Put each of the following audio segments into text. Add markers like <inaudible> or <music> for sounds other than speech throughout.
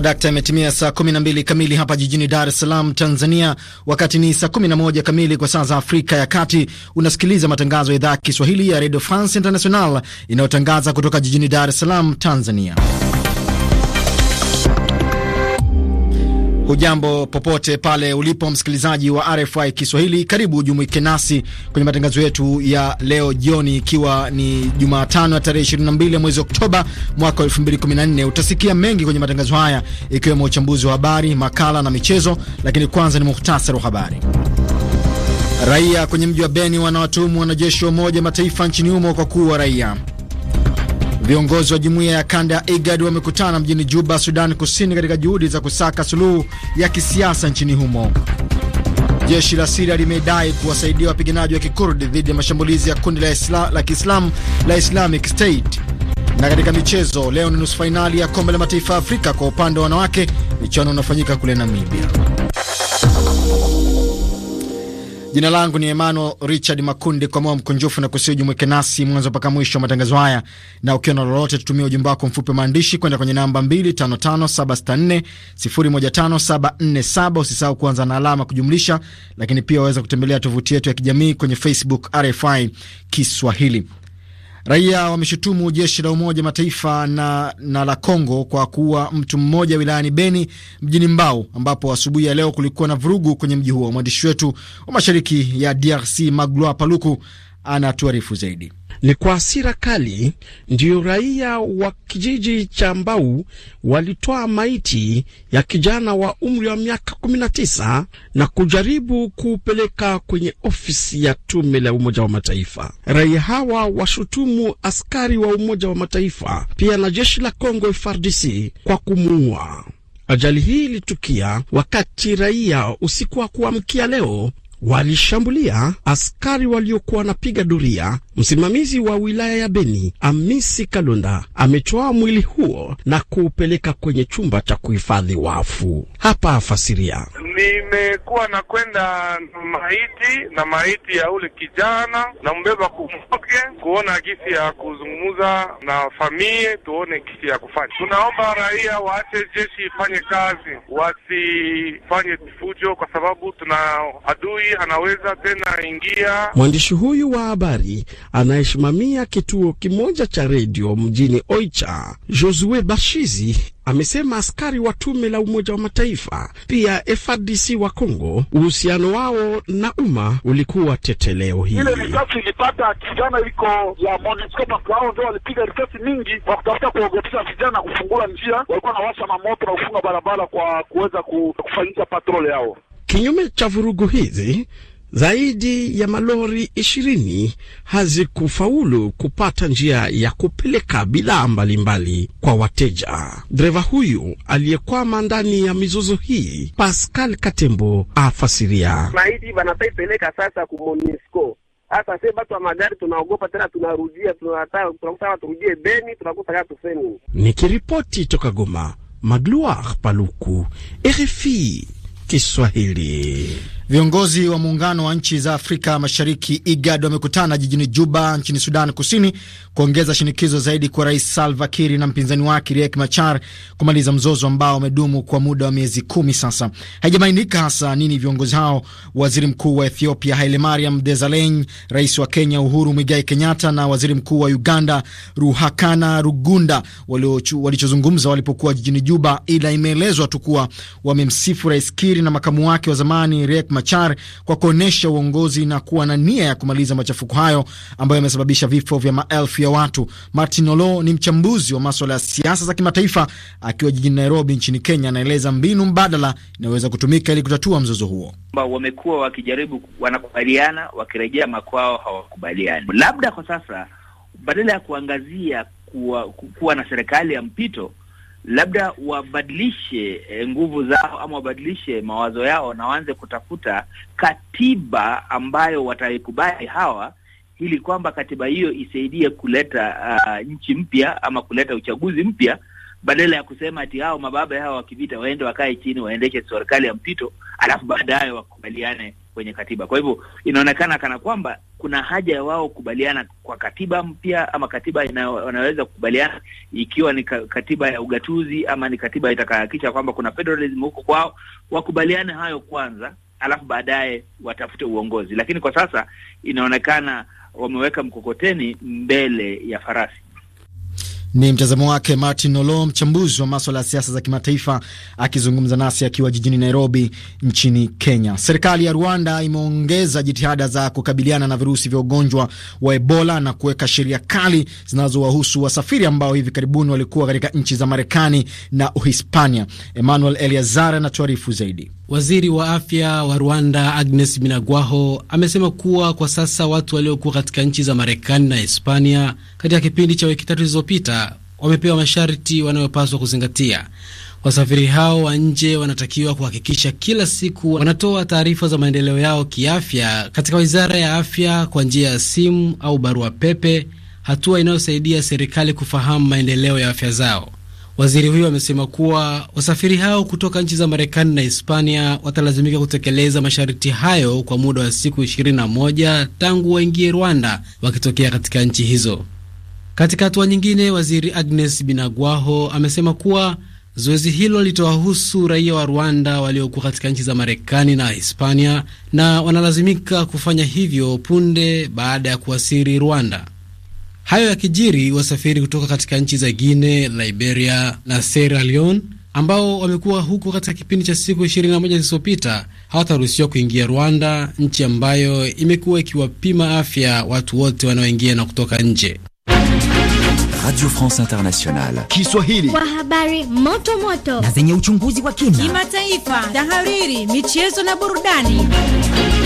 dakta imetimia saa 12 kamili hapa jijini Dar es Salaam, Tanzania, wakati ni saa 11 kamili kwa saa za Afrika ya Kati. Unasikiliza matangazo ya idhaa ya Kiswahili ya Radio France International inayotangaza kutoka jijini Dar es Salaam, Tanzania. Hujambo popote pale ulipo msikilizaji wa RFI Kiswahili, karibu jumuike nasi kwenye matangazo yetu ya leo jioni, ikiwa ni Jumatano ya tarehe 22 mwezi Oktoba mwaka 2014. Utasikia mengi kwenye matangazo haya ikiwemo uchambuzi wa habari, makala na michezo, lakini kwanza ni muhtasari wa habari. Raia kwenye mji wa Beni wanawatumu wanajeshi wa Umoja Mataifa nchini humo kwa kuua raia. Viongozi wa jumuiya ya kanda ya IGAD wamekutana mjini Juba, sudan Kusini, katika juhudi za kusaka suluhu ya kisiasa nchini humo. Jeshi la Siria limedai kuwasaidia wapiganaji wa kikurdi dhidi ya mashambulizi ya kundi la, isla, la kiislamu la Islamic State. Na katika michezo leo ni nusu fainali ya kombe la mataifa ya Afrika kwa upande wa wanawake, michuano inafanyika kule Namibia. Jina langu ni Emmanuel Richard Makundi. Kwa moyo mkunjufu na kusiujumuike nasi mwanzo mpaka mwisho wa matangazo haya, na ukiwa na lolote, tutumia ujumbe wako mfupi wa maandishi kwenda kwenye namba 255764015747. Usisahau kuanza na alama kujumlisha, lakini pia waweza kutembelea tovuti yetu ya kijamii kwenye Facebook RFI Kiswahili. Raia wameshutumu jeshi la Umoja Mataifa na, na la congo kwa kuua mtu mmoja wilayani Beni mjini mbao ambapo asubuhi ya leo kulikuwa na vurugu kwenye mji huo. Mwandishi wetu wa mashariki ya DRC Magloa Paluku anatuarifu zaidi. Ni kwa hasira kali ndiyo raia wa kijiji cha Mbau walitoa maiti ya kijana wa umri wa miaka 19 na kujaribu kuupeleka kwenye ofisi ya tume la Umoja wa Mataifa. Raia hawa washutumu askari wa Umoja wa Mataifa pia na jeshi la Kongo FARDC kwa kumuua. Ajali hii ilitukia wakati raia usiku wa kuamkia leo walishambulia askari waliokuwa wanapiga doria. Msimamizi wa wilaya ya Beni, Amisi kalunda ametoa mwili huo na kuupeleka kwenye chumba cha kuhifadhi wafu. Hapa afasiria: nimekuwa na kwenda maiti na maiti ya ule kijana na mbeba kuona gisi ya kuzungumza na famie, tuone gisi ya kufanya. Tunaomba raia waache jeshi ifanye kazi, wasifanye fujo kwa sababu tuna adui anaweza tena ingia. Mwandishi huyu wa habari anayesimamia kituo kimoja cha redio mjini Oicha, Josue Bashizi amesema askari wa tume la Umoja wa Mataifa pia FRDC wa Kongo, uhusiano wao na umma ulikuwa teteleo. Hii ile risasi ilipata kijana iko ya MONUSCO ndio walipiga risasi mingi kwa kutafuta kuogopesha vijana kufungula njia, walikuwa na washa na na kufunga barabara kwa kuweza kufanyisha patrole yao. Kinyume cha vurugu hizi, zaidi ya malori ishirini hazikufaulu kupata njia ya kupeleka bidhaa mbalimbali kwa wateja. Dereva huyu aliyekwama ndani ya mizozo hii, Pascal Katembo afasiria maiti banataipeleka sasa ku Monisco. Hata sie wa magari tunaogopa tena, tunarudia tunakutaka turudie Beni, tunakuta kaa tufeni. Nikiripoti toka Goma, Magloire Paluku, RFI. Kiswahili. Viongozi wa muungano wa nchi za Afrika Mashariki IGAD wamekutana jijini Juba nchini Sudan Kusini kuongeza shinikizo zaidi kwa Rais Salva Kiir na mpinzani wake Riek Machar kumaliza mzozo ambao umedumu kwa muda wa miezi kumi sasa. Haijabainika hasa nini viongozi hao, waziri mkuu wa Ethiopia Hailemariam Desalegn, rais wa Kenya Uhuru Muigai Kenyatta na waziri mkuu wa Uganda Ruhakana Rugunda walichozungumza walipokuwa jijini Juba, ila imeelezwa tu kuwa wamemsifu Rais Kiir na makamu wake wa zamani Riek Machar kwa kuonyesha uongozi na kuwa na nia ya kumaliza machafuko hayo ambayo yamesababisha vifo vya maelfu ya watu. Martin Olo ni mchambuzi wa maswala ya siasa za kimataifa akiwa jijini Nairobi nchini Kenya, anaeleza mbinu mbadala inayoweza kutumika ili kutatua mzozo huo. Wamekuwa wakijaribu, wanakubaliana, wakirejea makwao hawakubaliani. Labda kwa sasa badala ya kuangazia kuwa, kuwa na serikali ya mpito labda wabadilishe eh, nguvu zao ama wabadilishe mawazo yao na waanze kutafuta katiba ambayo wataikubali hawa, ili kwamba katiba hiyo isaidie kuleta uh, nchi mpya ama kuleta uchaguzi mpya, badala ya kusema ati hao mababa hao wakivita waende wakae chini waendeshe serikali ya mpito, alafu baadaye wakubaliane kwenye katiba. Kwa hivyo inaonekana kana kwamba kuna haja ya wao kukubaliana kwa katiba mpya ama katiba wanaweza kukubaliana ikiwa ni katiba ya ugatuzi ama ni katiba itakayohakikisha kwamba kuna federalism huko kwao, wakubaliane hayo kwanza, alafu baadaye watafute uongozi. Lakini kwa sasa inaonekana wameweka mkokoteni mbele ya farasi. Ni mtazamo wake Martin Olo, mchambuzi wa maswala ya siasa za kimataifa, akizungumza nasi akiwa jijini Nairobi nchini Kenya. Serikali ya Rwanda imeongeza jitihada za kukabiliana na virusi vya ugonjwa wa Ebola na kuweka sheria kali zinazowahusu wasafiri ambao hivi karibuni walikuwa katika nchi za Marekani na Uhispania. Emmanuel Eliazar anatuarifu zaidi. Waziri wa afya wa Rwanda Agnes Binagwaho amesema kuwa kwa sasa watu waliokuwa katika nchi za Marekani na Hispania katika kipindi cha wiki tatu zilizopita wamepewa masharti wanayopaswa kuzingatia. Wasafiri hao wa nje wanatakiwa kuhakikisha kila siku wanatoa taarifa za maendeleo yao kiafya katika wizara ya afya kwa njia ya simu au barua pepe, hatua inayosaidia serikali kufahamu maendeleo ya afya zao. Waziri huyo amesema kuwa wasafiri hao kutoka nchi za Marekani na Hispania watalazimika kutekeleza masharti hayo kwa muda wa siku 21 tangu waingie Rwanda wakitokea katika nchi hizo. Katika hatua nyingine, waziri Agnes Binagwaho amesema kuwa zoezi hilo litawahusu raia wa Rwanda waliokuwa katika nchi za Marekani na Hispania na wanalazimika kufanya hivyo punde baada ya kuwasili Rwanda. Hayo yakijiri, wasafiri kutoka katika nchi za Guine, Liberia na Sierra Leone ambao wamekuwa huko katika kipindi cha siku 21 zilizopita hawataruhusiwa kuingia Rwanda, nchi ambayo imekuwa ikiwapima afya watu wote wanaoingia na kutoka nje. Radio France Internationale Kiswahili kwa habari moto moto na zenye uchunguzi wa kina, kimataifa, tahariri, michezo na burudani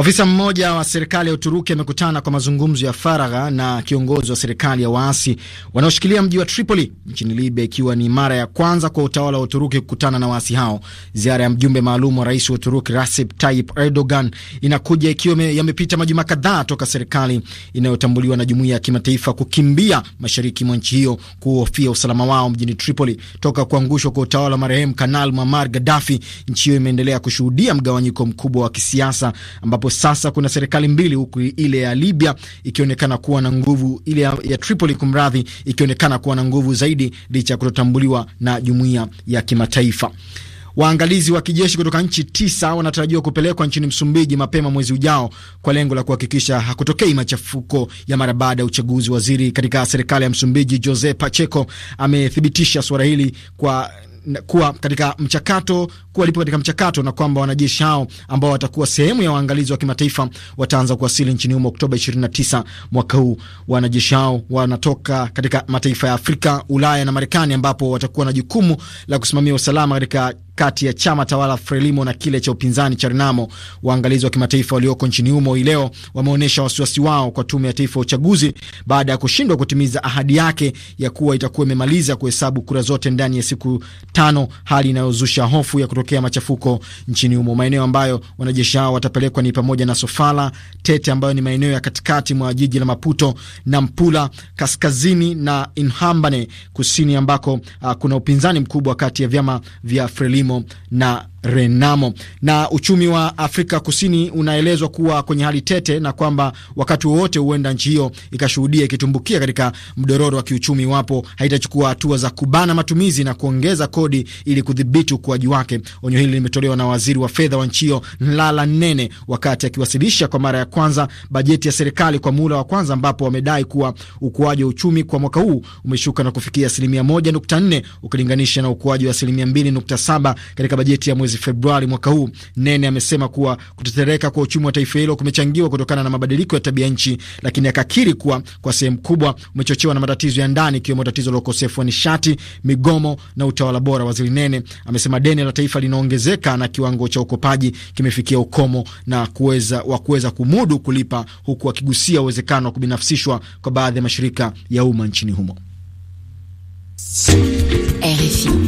Ofisa mmoja wa serikali ya Uturuki amekutana kwa mazungumzo ya faragha na kiongozi wa serikali ya waasi wanaoshikilia mji wa Tripoli nchini Libya, ikiwa ni mara ya kwanza kwa utawala wa Uturuki kukutana na waasi hao. Ziara ya mjumbe maalum wa rais wa Uturuki Recep Tayyip Erdogan inakuja ikiwa yamepita majuma kadhaa toka serikali inayotambuliwa na jumuiya ya kimataifa kukimbia mashariki mwa nchi hiyo kuhofia usalama wao mjini Tripoli. Toka kuangushwa kwa utawala wa marehemu Kanal Muammar Gaddafi, nchi hiyo imeendelea kushuhudia mgawanyiko mkubwa wa kisiasa ambapo ambapo sasa kuna serikali mbili, huku ile ya Libya ikionekana kuwa na nguvu, ile ya Tripoli kumradhi, ikionekana kuwa na nguvu zaidi licha ya kutotambuliwa na jumuiya ya kimataifa. Waangalizi wa kijeshi kutoka nchi tisa wanatarajiwa kupelekwa nchini Msumbiji mapema mwezi ujao kwa lengo la kuhakikisha hakutokei machafuko ya mara baada ya uchaguzi. Waziri katika serikali ya Msumbiji Jose Pacheco amethibitisha suala hili kwa kuwa katika mchakato kuwa lipo katika mchakato na kwamba wanajeshi hao ambao watakuwa sehemu ya waangalizi wa kimataifa wataanza kuwasili nchini humo Oktoba 29 mwaka huu. Wanajeshi hao wanatoka katika mataifa ya Afrika, Ulaya na Marekani ambapo watakuwa na jukumu la kusimamia usalama katika kati ya chama tawala Frelimo na kile cha upinzani cha Renamo. Waangalizi wa kimataifa walioko nchini humo hii leo wameonyesha wasiwasi wao kwa tume ya taifa ya uchaguzi baada ya kushindwa kutimiza ahadi yake ya kuwa itakuwa imemaliza kuhesabu kura zote ndani ya siku tano, hali inayozusha hofu ya kutokea machafuko nchini humo. Maeneo ambayo wanajeshi hao watapelekwa ni pamoja na Sofala, Tete ambayo ni maeneo ya katikati mwa jiji la Maputo, na Mpula kaskazini na Inhambane kusini ambako uh, kuna upinzani mkubwa kati ya vyama vya Frelimo kilimo na Renamo. Na uchumi wa Afrika Kusini unaelezwa kuwa kwenye hali tete na kwamba wakati wowote huenda nchi hiyo ikashuhudia ikitumbukia katika mdororo wa kiuchumi iwapo haitachukua hatua za kubana matumizi na kuongeza kodi ili kudhibiti ukuaji wake. Onyo hili limetolewa na waziri wa fedha wa nchi hiyo Nlala Nene wakati akiwasilisha kwa mara ya kwanza bajeti ya serikali kwa muhula wa kwanza, ambapo wamedai kuwa ukuaji wa uchumi kwa mwaka huu umeshuka na kufikia asilimia 1.4 ukilinganisha na ukuaji wa asilimia 2.7 katika bajeti ya mwezi mwezi Februari mwaka huu. Nene amesema kuwa kutetereka kwa uchumi wa taifa hilo kumechangiwa kutokana na mabadiliko ya tabia nchi, lakini akakiri kuwa kwa sehemu kubwa umechochewa na matatizo ya ndani, ikiwemo tatizo la ukosefu wa nishati, migomo na utawala bora. Waziri Nene amesema deni la taifa linaongezeka na kiwango cha ukopaji kimefikia ukomo na kuweza wa kuweza kumudu kulipa, huku akigusia uwezekano wa kubinafsishwa kwa baadhi ya mashirika ya umma nchini humo. RFI.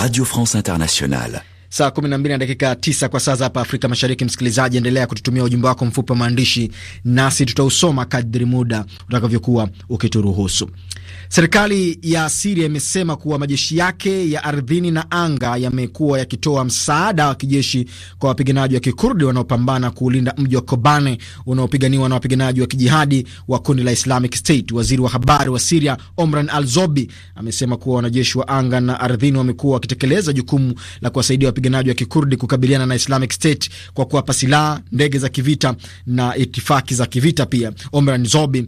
Radio France Internationale. Saa 12 na dakika 9 kwa saa za hapa Afrika Mashariki. Msikilizaji, endelea kututumia ujumbe wako mfupi wa maandishi, nasi tutausoma kadri muda utakavyokuwa ukituruhusu. Serikali ya Siria imesema kuwa majeshi yake ya ardhini na anga yamekuwa yakitoa msaada wa kijeshi kwa wapiganaji wa kikurdi wanaopambana kuulinda mji wa Kobane unaopiganiwa na wapiganaji wa kijihadi wa kundi la Islamic State. Waziri wa habari wa Siria Omran Al Zobi amesema kuwa wanajeshi wa anga na ardhini wamekuwa wakitekeleza jukumu la kuwasaidia wapiganaji wa kikurdi kukabiliana na Islamic State kwa kuwapa silaha, ndege za kivita na itifaki za kivita. Pia Omran Zobi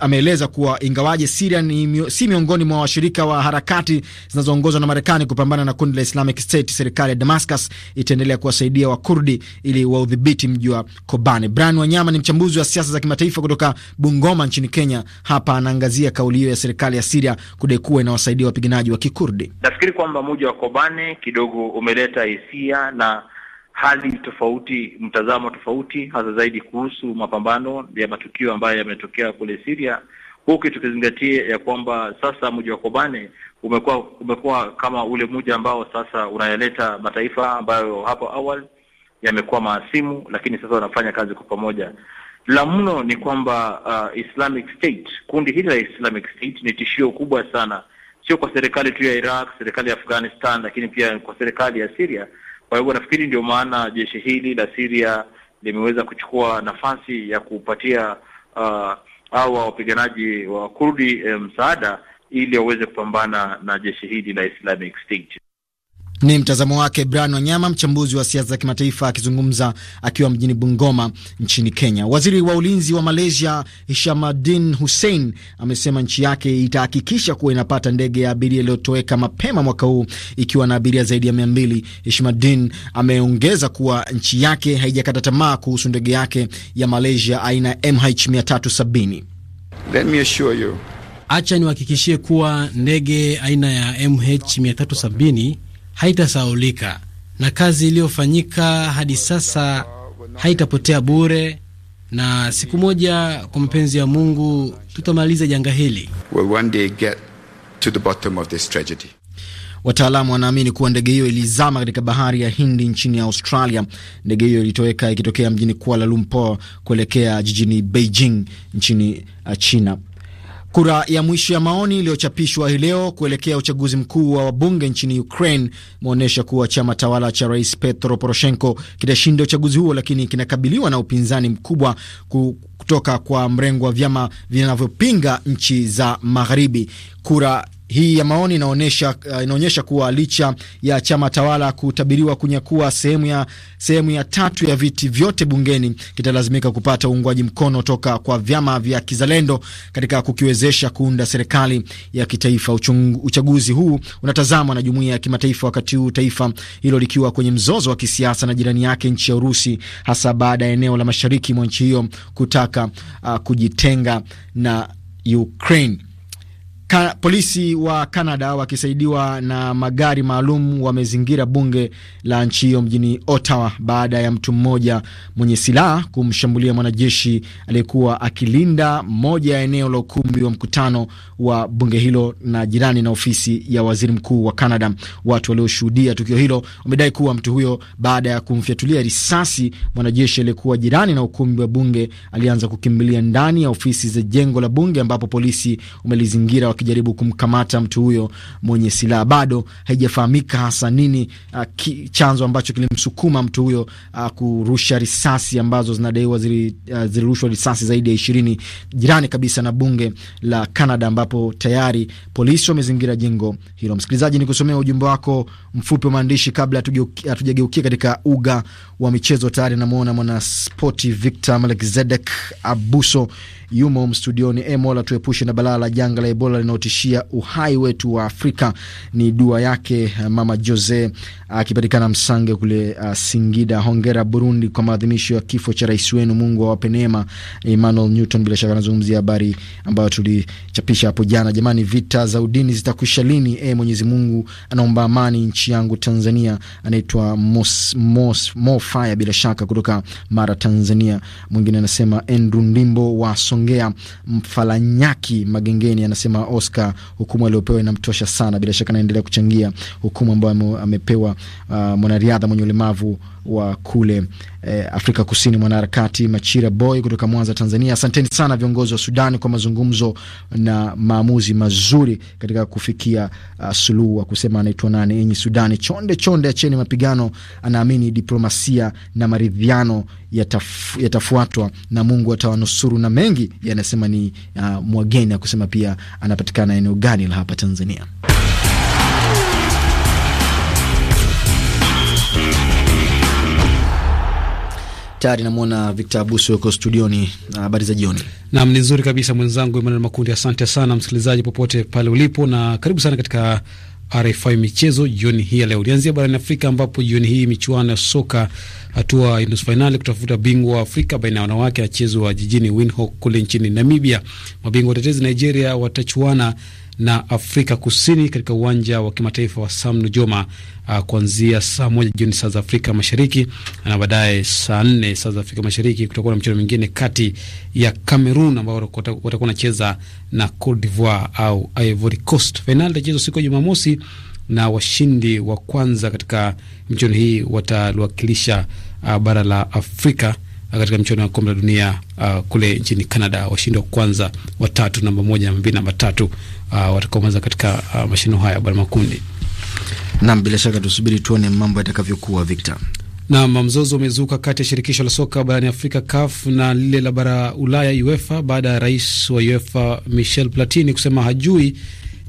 ameeleza kuwa ingawaje Siria ni si miongoni mwa washirika wa harakati zinazoongozwa na Marekani kupambana na kundi la Islamic State. Serikali ya Damascus itaendelea kuwasaidia Wakurdi ili waudhibiti mji wa Kobani. Brian Wanyama ni mchambuzi wa siasa za kimataifa kutoka Bungoma nchini Kenya. Hapa anaangazia kauli hiyo ya serikali ya Siria kudai kuwa inawasaidia wapiganaji wa Kikurdi. Nafikiri kwamba mji wa Kobane kidogo umeleta hisia na hali tofauti, mtazamo tofauti, hasa zaidi kuhusu mapambano ya matukio ambayo yametokea kule Siria huku tukizingatia ya kwamba sasa mji wa Kobane umekuwa umekuwa kama ule mji ambao sasa unayaleta mataifa ambayo hapo awali yamekuwa maasimu, lakini sasa wanafanya kazi kwa pamoja. La mno ni kwamba uh, Islamic State, kundi hili la Islamic State ni tishio kubwa sana, sio kwa serikali tu ya Iraq, serikali ya Afghanistan, lakini pia kwa serikali ya Syria. Kwa hivyo nafikiri ndio maana jeshi hili la Syria limeweza kuchukua nafasi ya kupatia uh, hawa wapiganaji wa Kurdi e, msaada ili waweze kupambana na jeshi hili la Islamic State. Ni mtazamo wake Brian Wanyama, mchambuzi wa siasa za kimataifa, akizungumza akiwa mjini Bungoma nchini Kenya. Waziri wa ulinzi wa Malaysia Hishamadin Hussein amesema nchi yake itahakikisha kuwa inapata ndege ya abiria iliyotoweka mapema mwaka huu ikiwa na abiria zaidi ya mia mbili. Hishamadin ameongeza kuwa nchi yake haijakata tamaa kuhusu ndege yake ya Malaysia aina ya MH370. hacha Acha niwahakikishie kuwa ndege aina ya MH370 haitasaulika na kazi iliyofanyika hadi sasa haitapotea bure, na siku moja kwa mapenzi ya Mungu tutamaliza janga hili. Wataalamu wanaamini kuwa ndege hiyo ilizama katika bahari ya Hindi nchini Australia. Ndege hiyo ilitoweka ikitokea mjini Kuala Lumpur kuelekea jijini Beijing nchini uh, China. Kura ya mwisho ya maoni iliyochapishwa hii leo kuelekea uchaguzi mkuu wa wabunge nchini Ukraine imeonyesha kuwa chama tawala cha rais Petro Poroshenko kitashinda uchaguzi huo, lakini kinakabiliwa na upinzani mkubwa kutoka kwa mrengo wa vyama vinavyopinga nchi za Magharibi. Kura hii ya maoni inaonyesha uh, inaonyesha kuwa licha ya chama tawala kutabiriwa kunyakua sehemu ya, sehemu ya tatu ya viti vyote bungeni kitalazimika kupata uungwaji mkono toka kwa vyama vya kizalendo katika kukiwezesha kuunda serikali ya kitaifa. Uchungu, uchaguzi huu unatazamwa na jumuiya ya kimataifa wakati huu taifa hilo likiwa kwenye mzozo wa kisiasa na jirani yake nchi ya Urusi, hasa baada ya eneo la mashariki mwa nchi hiyo kutaka uh, kujitenga na Ukraine. Ka, polisi wa canada wakisaidiwa na magari maalum wamezingira bunge la nchi hiyo mjini Ottawa baada ya mtu mmoja mwenye silaha kumshambulia mwanajeshi aliyekuwa akilinda moja ya eneo la ukumbi wa mkutano wa bunge hilo na jirani na ofisi ya waziri mkuu wa canada Watu walioshuhudia tukio hilo wamedai kuwa mtu huyo, baada ya kumfyatulia risasi mwanajeshi aliyekuwa jirani na ukumbi wa bunge, alianza kukimbilia ndani ya ofisi za jengo la bunge ambapo polisi umelizingira wakijaribu kumkamata mtu huyo mwenye silaha. Bado haijafahamika hasa nini uh, ki, chanzo ambacho kilimsukuma mtu huyo uh, kurusha risasi ambazo zinadaiwa uh, zilirushwa uh, risasi zaidi ya ishirini jirani kabisa na bunge la Canada ambapo tayari polisi wamezingira jengo hilo. Msikilizaji, ni kusomea ujumbe wako mfupi wa maandishi kabla hatujageukia katika uga wa michezo. Tayari namwona mwanaspoti Victor Melkizedek Abuso yumo mstudioni. E Mola, tuepushe na balaa la janga la Ebola linaotishia uhai wetu wa Afrika. Ni dua yake eh, mama Jose akipatikana Msange kule a, eh, Singida. Hongera Burundi kwa maadhimisho ya kifo cha rais wenu, Mungu awape neema. Emmanuel Newton bila shaka anazungumzia habari ambayo tulichapisha hapo jana. Jamani, vita za udini zitakwisha lini? E Mwenyezi Mungu, anaomba amani nchi yangu Tanzania. Anaitwa Mofaya bila shaka kutoka Mara, Tanzania. Mwingine anasema Andrew Ndimbo wa so Songea Mfalanyaki Magengeni anasema Oscar hukumu aliopewa inamtosha sana. Bila shaka anaendelea kuchangia hukumu ambayo amepewa uh, mwanariadha mwenye ulemavu wa kule eh, Afrika Kusini, mwanaharakati Machira Boy kutoka Mwanza, Tanzania. Asanteni sana viongozi wa Sudani kwa mazungumzo na maamuzi mazuri katika kufikia uh, suluhu. Wa kusema anaitwa nani? Enyi Sudani, chonde chonde, acheni mapigano. Anaamini diplomasia na maridhiano yatafuatwa na Mungu atawanusuru na mengi mengi yanasema ni uh, mwageni akusema pia anapatikana eneo gani la hapa Tanzania. Tayari namwona Victor Abuso yuko studioni. Uh, habari za jioni. Naam, ni nzuri kabisa mwenzangu Emmanuel Makundi, asante sana msikilizaji popote pale ulipo, na karibu sana katika RFI michezo jioni hii ya leo. Ulianzia barani Afrika ambapo jioni hii michuano ya soka hatua ya nusu fainali kutafuta bingwa wa Afrika baina ya wanawake achezwa jijini Windhoek kule nchini Namibia. Mabingwa watetezi Nigeria watachuana na Afrika Kusini katika uwanja wa kimataifa wa Sam Nujoma uh, kuanzia saa moja jioni saa za Afrika Mashariki na baadaye saa nne saa za Afrika Mashariki. Kutakuwa na mchezo mwingine kati ya Cameroon ambao watakuwa wanacheza na Cote d'Ivoire au Ivory Coast. Fainali itachezwa siku ya Jumamosi na washindi wa kwanza katika michuano hii wataliwakilisha uh, bara la Afrika Eh, katika mchuano wa kombe la dunia uh, kule nchini Canada. Washindi wa kwanza, watatu, namba moja, namba mbili, namba tatu uh, eh, watakaomaliza katika uh, mashindano haya bwana makundi. Naam, bila shaka tusubiri tuone mambo yatakavyokuwa Victor. Nam, mzozo umezuka kati ya shirikisho la soka barani Afrika CAF na lile la bara Ulaya UEFA baada ya rais wa UEFA Michel Platini kusema hajui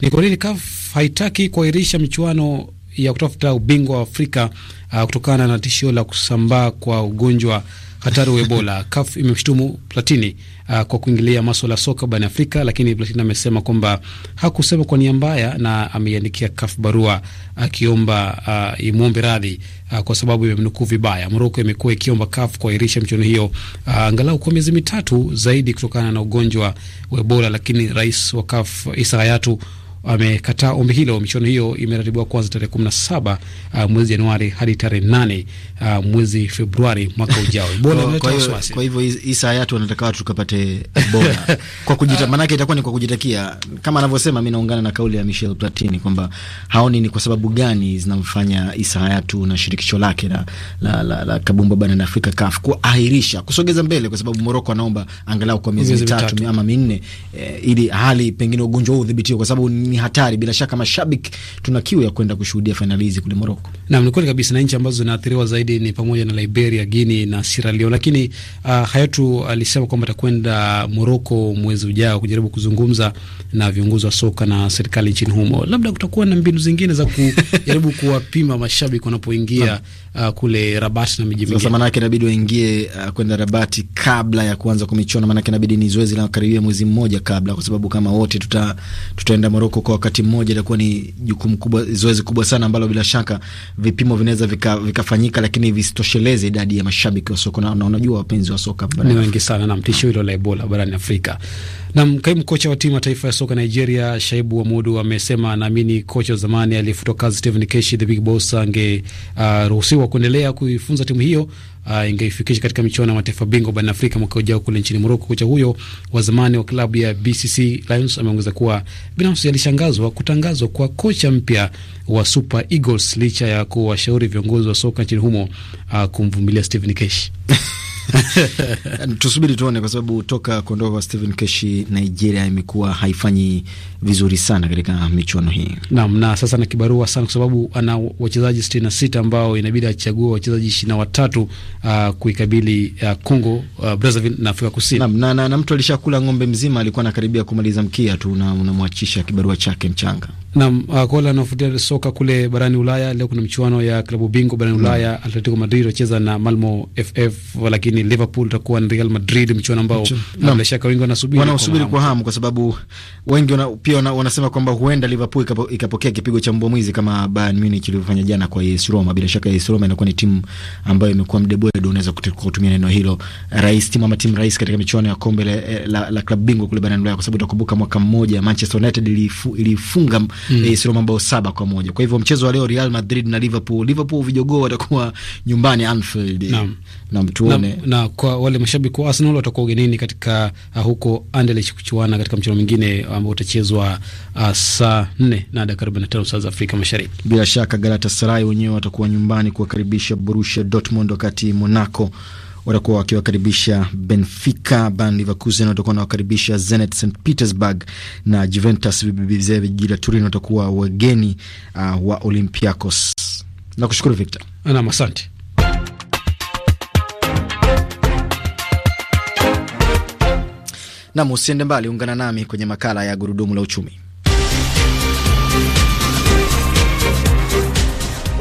ni kwa nini CAF haitaki kuahirisha michuano ya kutafuta ubingwa wa Afrika uh, kutokana na tishio la kusambaa kwa ugonjwa hatari wa Ebola. CAF imemshutumu Platini uh, kwa kuingilia maswala ya soka barani Afrika, lakini Platini amesema kwamba hakusema kwa nia mbaya na ameiandikia CAF barua akiomba uh, imwombe radhi uh, kwa sababu imemnukuu vibaya. Moroko imekuwa ikiomba CAF kuahirisha michuano hiyo uh, angalau kwa miezi mitatu zaidi kutokana na ugonjwa wa Ebola, lakini rais wa CAF Isa Hayatu wamekataa ombi hilo. Michuano hiyo imeratibiwa kuanza tarehe kumi na saba uh, mwezi Januari hadi tarehe nane uh, mwezi Februari mwaka ujao. <laughs> Bona kwa hivyo hii saa yatu wanataka watu tukapate bora <laughs> kwa kujita, maanake itakuwa ni kwa kujitakia kama anavyosema. Mi naungana na kauli ya Michel Platini kwamba haoni ni kwa sababu gani zinamfanya Isa Hayatu na shirikisho lake la, la, la, la kabumba barani Afrika CAF kuahirisha kusogeza mbele, kwa sababu Moroko anaomba angalau kwa miezi mitatu ama minne eh, ili hali pengine ugonjwa huu udhibitiwe kwa sababu ni hatari. Bila shaka mashabiki tuna kiu ya kwenda kushuhudia fainali hizi kule Moroko. Naam, ni kweli kabisa, na nchi ambazo zinaathiriwa zaidi ni pamoja na Liberia, Guinea na Sierra Leone. Lakini uh, Hayatu alisema kwamba atakwenda Moroko mwezi ujao kujaribu kuzungumza na viongozi wa soka na serikali nchini humo. Labda kutakuwa na mbinu zingine za kujaribu <laughs> kuwapima mashabiki wanapoingia uh, kule Rabat na miji mingine. Sasa maanake inabidi waingie uh, kwenda Rabati kabla ya kuanza kumichona, maanake inabidi ni zoezi karibia mwezi mmoja kabla, kwa sababu kama wote tuta, tutaenda Moroko kwa wakati mmoja, itakuwa ni jukumu kubwa, zoezi kubwa sana ambalo bila shaka vipimo vinaweza vikafanyika vika, lakini visitosheleze idadi ya mashabiki wa soka na unajua wapenzi wa soka ni wengi sana, na mtisho hilo la Ebola barani Afrika. Nam kaimu kocha wa timu ya taifa ya soka Nigeria, Shaibu Wamudu amesema anaamini kocha wa zamani aliyefutwa kazi Stephen Keshi, the big boss, angeruhusiwa uh, kuendelea kuifunza timu hiyo uh, ingeifikisha katika michuano ya mataifa bingwa barani Afrika mwaka ujao kule nchini Moroko. Kocha huyo wa zamani wa klabu ya BCC Lions ameongeza kuwa binafsi alishangazwa kutangazwa kwa kocha mpya wa Super Eagles licha ya kuwashauri viongozi wa soka nchini humo uh, kumvumilia Stephen Keshi <laughs> <laughs> tusubiri tuone, kwa sababu toka kuondoka kwa Stephen Keshi, Nigeria imekuwa haifanyi vizuri sana katika michuano hii. Naam, na sasa na kibarua sana, kwa sababu ana wachezaji sitini na sita ambao inabidi achagua wachezaji ishirini na watatu uh, kuikabili uh, Congo uh, Brazzaville na Afrika Kusini. Naam, na, na, na mtu alishakula ng'ombe mzima, alikuwa anakaribia kumaliza mkia tu, na unamwachisha kibarua chake mchanga. Naam, uh, kola anafutia soka kule barani Ulaya. Leo kuna michuano ya klabu bingwa barani Ulaya, Atletico Madrid wacheza na Malmo FF lakini ni Liverpool takuwa ni Real Madrid, mchuano ambao bila shaka wengi wanasubiri wanasubiri kwa hamu, kwa sababu wengi wana, pia wana, wanasema kwamba huenda Liverpool ikapo, ikapokea kipigo cha mbwa mwizi kama Bayern Munich ilivyofanya jana kwa AS Roma. Bila shaka AS Roma inakuwa ni timu ambayo imekuwa mdebwedo, unaweza kutumia neno hilo rais, timu ama timu rais katika michuano ya kombe la, eh, la, la klabu bingwa kule barani Ulaya, kwa sababu utakumbuka mwaka mmoja Manchester United ilifu, ilifunga mm. AS Roma bao saba kwa moja. Kwa hivyo mchezo wa leo Real Madrid na Liverpool, Liverpool vijogoo watakuwa nyumbani Anfield. Naam, na mtuone na kwa wale mashabiki wa Arsenal watakuwa ugenini katika uh, huko Anderlecht kuchuana katika mchezo mwingine ambao um, utachezwa uh, saa 4 na dakika 45 saa za Afrika Mashariki. Bila shaka Galatasaray wenyewe watakuwa nyumbani kuwakaribisha Borussia Dortmund, wakati Monaco watakuwa wakiwakaribisha Benfica. Bayer Leverkusen watakuwa wanawakaribisha Zenit St Petersburg, na Juventus vijiji la Turin watakuwa wageni uh, wa Olympiacos. Nakushukuru Victor. Naam, asante. Nam, usiende mbali, ungana nami kwenye makala ya gurudumu la uchumi.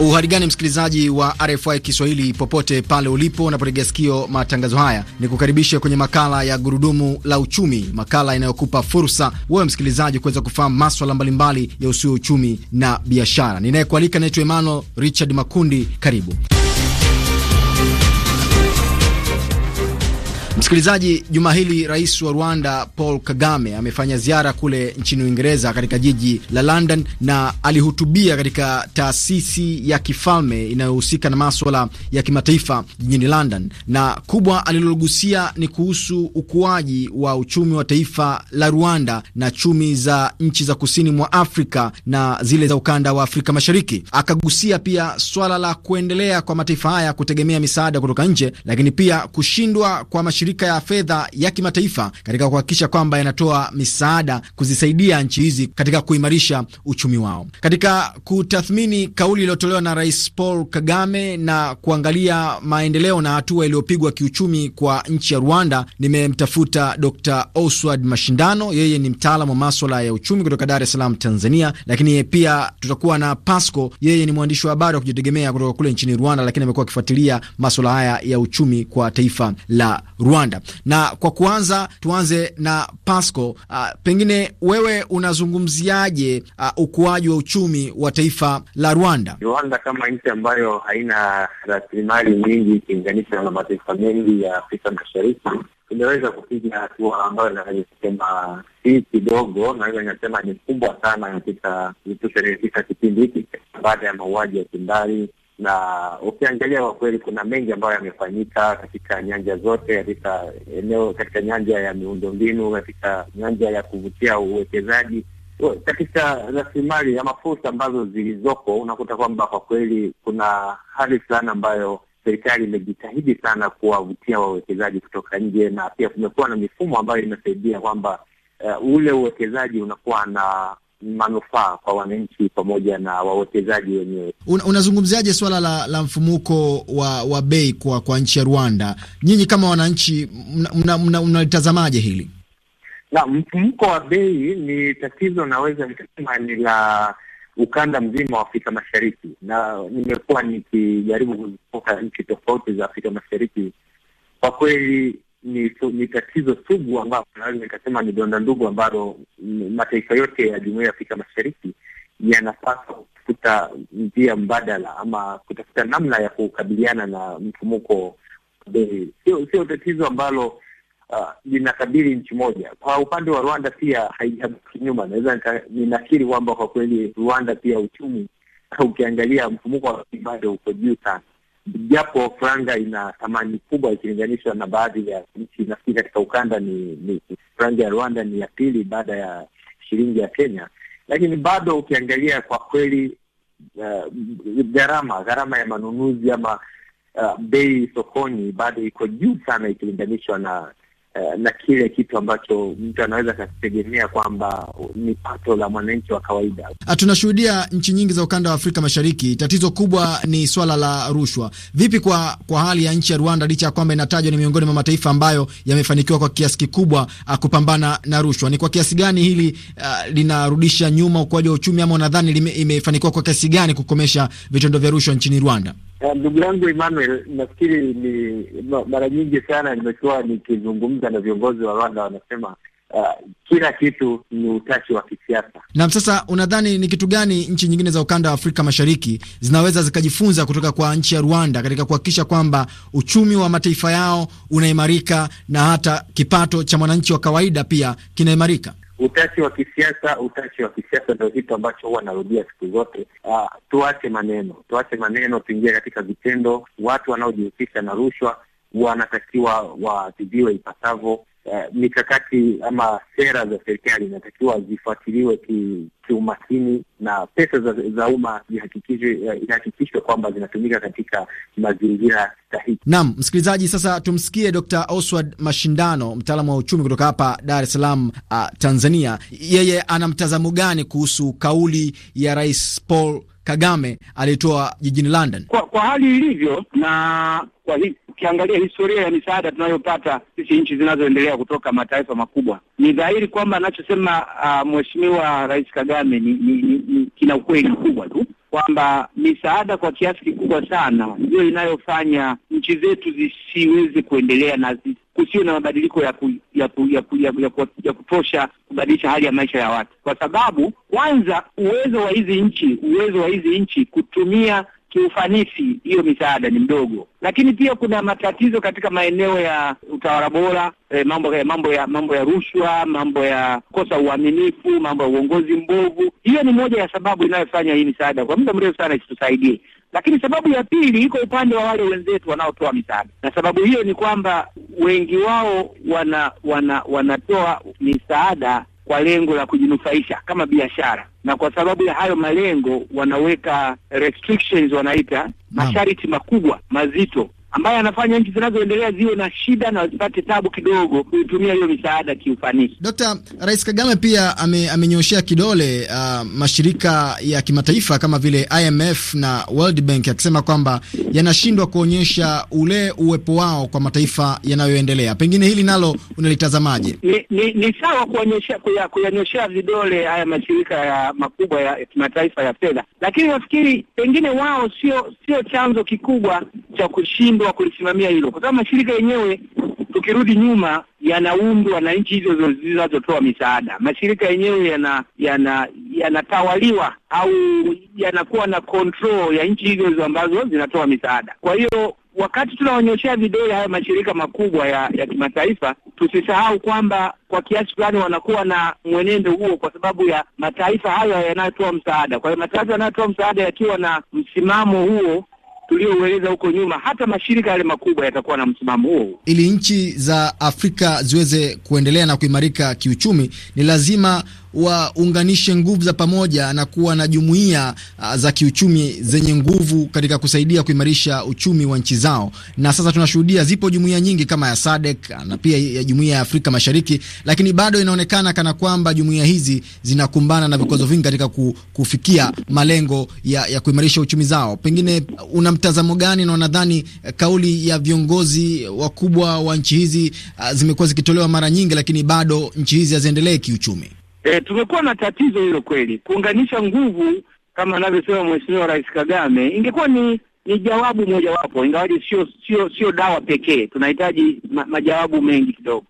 Uhari gani msikilizaji wa RFI Kiswahili popote pale ulipo unapotegea sikio matangazo haya, ni kukaribisha kwenye makala ya gurudumu la uchumi, makala inayokupa fursa wewe msikilizaji kuweza kufahamu maswala mbalimbali ya usio uchumi na biashara. Ninayekualika naitwa Emmanuel Richard Makundi. Karibu. Msikilizaji, juma hili rais wa Rwanda Paul Kagame amefanya ziara kule nchini Uingereza katika jiji la London na alihutubia katika taasisi ya kifalme inayohusika na maswala ya kimataifa jijini London, na kubwa alilogusia ni kuhusu ukuaji wa uchumi wa taifa la Rwanda na chumi za nchi za kusini mwa Afrika na zile za ukanda wa Afrika Mashariki. Akagusia pia swala la kuendelea kwa mataifa haya kutegemea misaada kutoka nje, lakini pia kushindwa kwa mashirika mashirika ya fedha ya kimataifa katika kuhakikisha kwamba yanatoa misaada kuzisaidia nchi hizi katika kuimarisha uchumi wao. Katika kutathmini kauli iliyotolewa na Rais Paul Kagame na kuangalia maendeleo na hatua iliyopigwa kiuchumi kwa nchi ya Rwanda, nimemtafuta Dr. Oswald Mashindano, yeye ni mtaalamu wa maswala ya uchumi kutoka Dar es Salaam, Tanzania, lakini pia tutakuwa na Pasco, yeye ni mwandishi wa habari wa kujitegemea kutoka kule nchini Rwanda, lakini amekuwa akifuatilia maswala haya ya uchumi kwa taifa la Rwanda. Rwanda. Na kwa kuanza, tuanze na Pasco. Uh, pengine wewe unazungumziaje ah, ukuaji wa uchumi wa taifa la Rwanda? Rwanda kama nchi ambayo haina rasilimali nyingi ikilinganisha na mataifa mengi ya Afrika Mashariki imeweza kupiga hatua ambayo naweza kusema si kidogo, naweza nasema ni kubwa sana katika vitu katika kipindi hiki baada ya mauaji ya kimbari na ukiangalia kwa kweli kuna mengi ambayo yamefanyika katika nyanja zote, katika eneo, katika nyanja ya miundombinu, katika nyanja ya kuvutia uwekezaji, katika rasilimali ama fursa ambazo zilizoko, unakuta kwamba kwa kweli kuna hali fulani ambayo serikali imejitahidi sana kuwavutia wawekezaji kutoka nje, na pia kumekuwa na mifumo ambayo inasaidia kwamba uh, ule uwekezaji unakuwa na manufaa kwa wananchi pamoja na wawekezaji wenyewe. Unazungumziaje swala la, la mfumuko wa, wa bei kwa, kwa nchi ya Rwanda? Nyinyi kama wananchi mnalitazamaje hili? Na mfumuko wa bei ni tatizo, naweza nikasema ni la ukanda mzima wa Afrika Mashariki, na nimekuwa nikijaribu kuzunguka nchi tofauti za Afrika Mashariki. Kwa kweli ni, ni tatizo sugu ambalo naweza nikasema ni donda ndugu ambalo mataifa yote ya jumuiya ya Afrika Mashariki yanapaswa kutafuta njia mbadala ama kutafuta namna ya kukabiliana na mfumuko bei. Sio sio tatizo ambalo uh, nchi moja. Kwa upande wa Rwanda pia haijabaki nyuma. Naweza ninakiri kwamba kwa kweli Rwanda pia uchumi, <laughs> ukiangalia mfumuko wa bei bado uko juu sana japo franga ina thamani kubwa ikilinganishwa na baadhi ya nchi, nafikiri katika ukanda ni, ni franga ya Rwanda ni ya pili baada ya shilingi ya Kenya, lakini bado ukiangalia kwa kweli uh, gharama gharama ya manunuzi ama uh, bei sokoni bado iko juu sana ikilinganishwa na Eh, na kile kitu ambacho mtu anaweza akakitegemea kwamba ni pato la mwananchi wa kawaida. Ah, tunashuhudia nchi nyingi za ukanda wa Afrika Mashariki, tatizo kubwa ni swala la rushwa. Vipi kwa, kwa hali ya nchi ya Rwanda, licha ya kwamba inatajwa ni miongoni mwa mataifa ambayo yamefanikiwa kwa kiasi kikubwa ah, kupambana na rushwa? Ni kwa kiasi gani hili uh, linarudisha nyuma ukuaji wa uchumi, ama unadhani imefanikiwa kwa kiasi gani kukomesha vitendo vya rushwa nchini Rwanda? Eh, ndugu yangu Emmanuel, nafikiri ni mara nyingi sana nimekuwa nikizungumza na viongozi wa Rwanda, wanasema uh, kila kitu ni utashi wa kisiasa. Na sasa unadhani ni kitu gani nchi nyingine za ukanda wa Afrika Mashariki zinaweza zikajifunza kutoka kwa nchi ya Rwanda katika kuhakikisha kwamba uchumi wa mataifa yao unaimarika na hata kipato cha mwananchi wa kawaida pia kinaimarika? Utashi wa kisiasa, utashi wa kisiasa ndio kitu ambacho huwa narudia siku zote. Uh, tuache maneno, tuache maneno, tuingie katika vitendo. Watu wanaojihusisha na rushwa wanatakiwa waadhibiwe ipasavyo uh, mikakati ama sera za serikali inatakiwa zifuatiliwe kiumakini ki na pesa za, za umma eh, zihakikishwe kwamba zinatumika katika mazingira stahiki. Naam, msikilizaji, sasa tumsikie Dr. Oswald Mashindano, mtaalamu wa uchumi kutoka hapa Dar es Salaam, uh, Tanzania. Yeye ana mtazamo gani kuhusu kauli ya Rais Paul Kagame aliyetoa jijini London kwa, kwa hali ilivyo na kwa hii ukiangalia historia ya misaada tunayopata sisi nchi zinazoendelea kutoka mataifa makubwa, ni dhahiri kwamba anachosema uh, mheshimiwa Rais Kagame ni, ni, ni, ni kina ukweli mkubwa tu kwamba misaada kwa kiasi kikubwa sana ndiyo inayofanya nchi zetu zisiweze kuendelea na kusiwe na mabadiliko ya, ku, ya, ku, ya, ku, ya, ku, ya, ku, ya kutosha kubadilisha hali ya maisha ya watu, kwa sababu kwanza uwezo wa hizi nchi uwezo wa hizi nchi kutumia kiufanisi hiyo misaada ni mdogo, lakini pia kuna matatizo katika maeneo ya utawala bora e, mambo ya mambo ya mambo ya rushwa, mambo ya kosa uaminifu, mambo ya uongozi mbovu. Hiyo ni moja ya sababu inayofanya hii misaada kwa muda mrefu sana isitusaidie. Lakini sababu ya pili iko upande wa wale wenzetu wanaotoa misaada, na sababu hiyo ni kwamba wengi wao wana, wana wanatoa misaada kwa lengo la kujinufaisha kama biashara na kwa sababu ya hayo malengo wanaweka restrictions wanaita masharti makubwa mazito ambaye anafanya nchi zinazoendelea ziwe na shida na wazipate tabu kidogo kuitumia hiyo misaada kiufanisi. Dokta, Rais Kagame pia amenyoshea ame kidole uh, mashirika ya kimataifa kama vile IMF na World Bank akisema kwamba yanashindwa kuonyesha ule uwepo wao kwa mataifa yanayoendelea. Pengine hili nalo unalitazamaje? Ni, ni, ni sawa kuonyesha kuyanyoshea vidole haya mashirika ya makubwa ya kimataifa ya fedha, lakini nafikiri pengine wao sio sio chanzo kikubwa cha kushindwa wa kulisimamia hilo, kwa sababu mashirika yenyewe tukirudi nyuma yanaundwa na nchi hizo zinazotoa misaada. Mashirika yenyewe yana yana yanatawaliwa au yanakuwa na control ya nchi hizo hizo ambazo zinatoa misaada. Kwa hiyo wakati tunaonyeshea vidole haya mashirika makubwa ya, ya kimataifa, tusisahau kwamba kwa kiasi fulani wanakuwa na mwenendo huo kwa sababu ya mataifa hayo yanayotoa msaada. Kwa hiyo mataifa yanayotoa msaada yakiwa na msimamo huo tuliyoueleza huko nyuma, hata mashirika yale makubwa yatakuwa na msimamo huo. Ili nchi za Afrika ziweze kuendelea na kuimarika kiuchumi, ni lazima waunganishe nguvu za pamoja na kuwa na jumuiya za kiuchumi zenye nguvu katika kusaidia kuimarisha uchumi wa nchi zao. Na sasa tunashuhudia zipo jumuiya nyingi kama ya SADC na pia ya jumuiya ya Afrika Mashariki, lakini bado inaonekana kana kwamba jumuiya hizi zinakumbana na vikwazo vingi katika kufikia malengo ya, ya kuimarisha uchumi zao. Pengine una mtazamo gani na unadhani kauli ya viongozi wakubwa wa nchi hizi zimekuwa zikitolewa mara nyingi, lakini bado nchi hizi haziendelee kiuchumi? E, tumekuwa na tatizo hilo kweli. Kuunganisha nguvu kama anavyosema Mheshimiwa Rais Kagame ingekuwa ni ni jawabu mojawapo, ingawaje sio sio sio dawa pekee. Tunahitaji ma, majawabu mengi kidogo,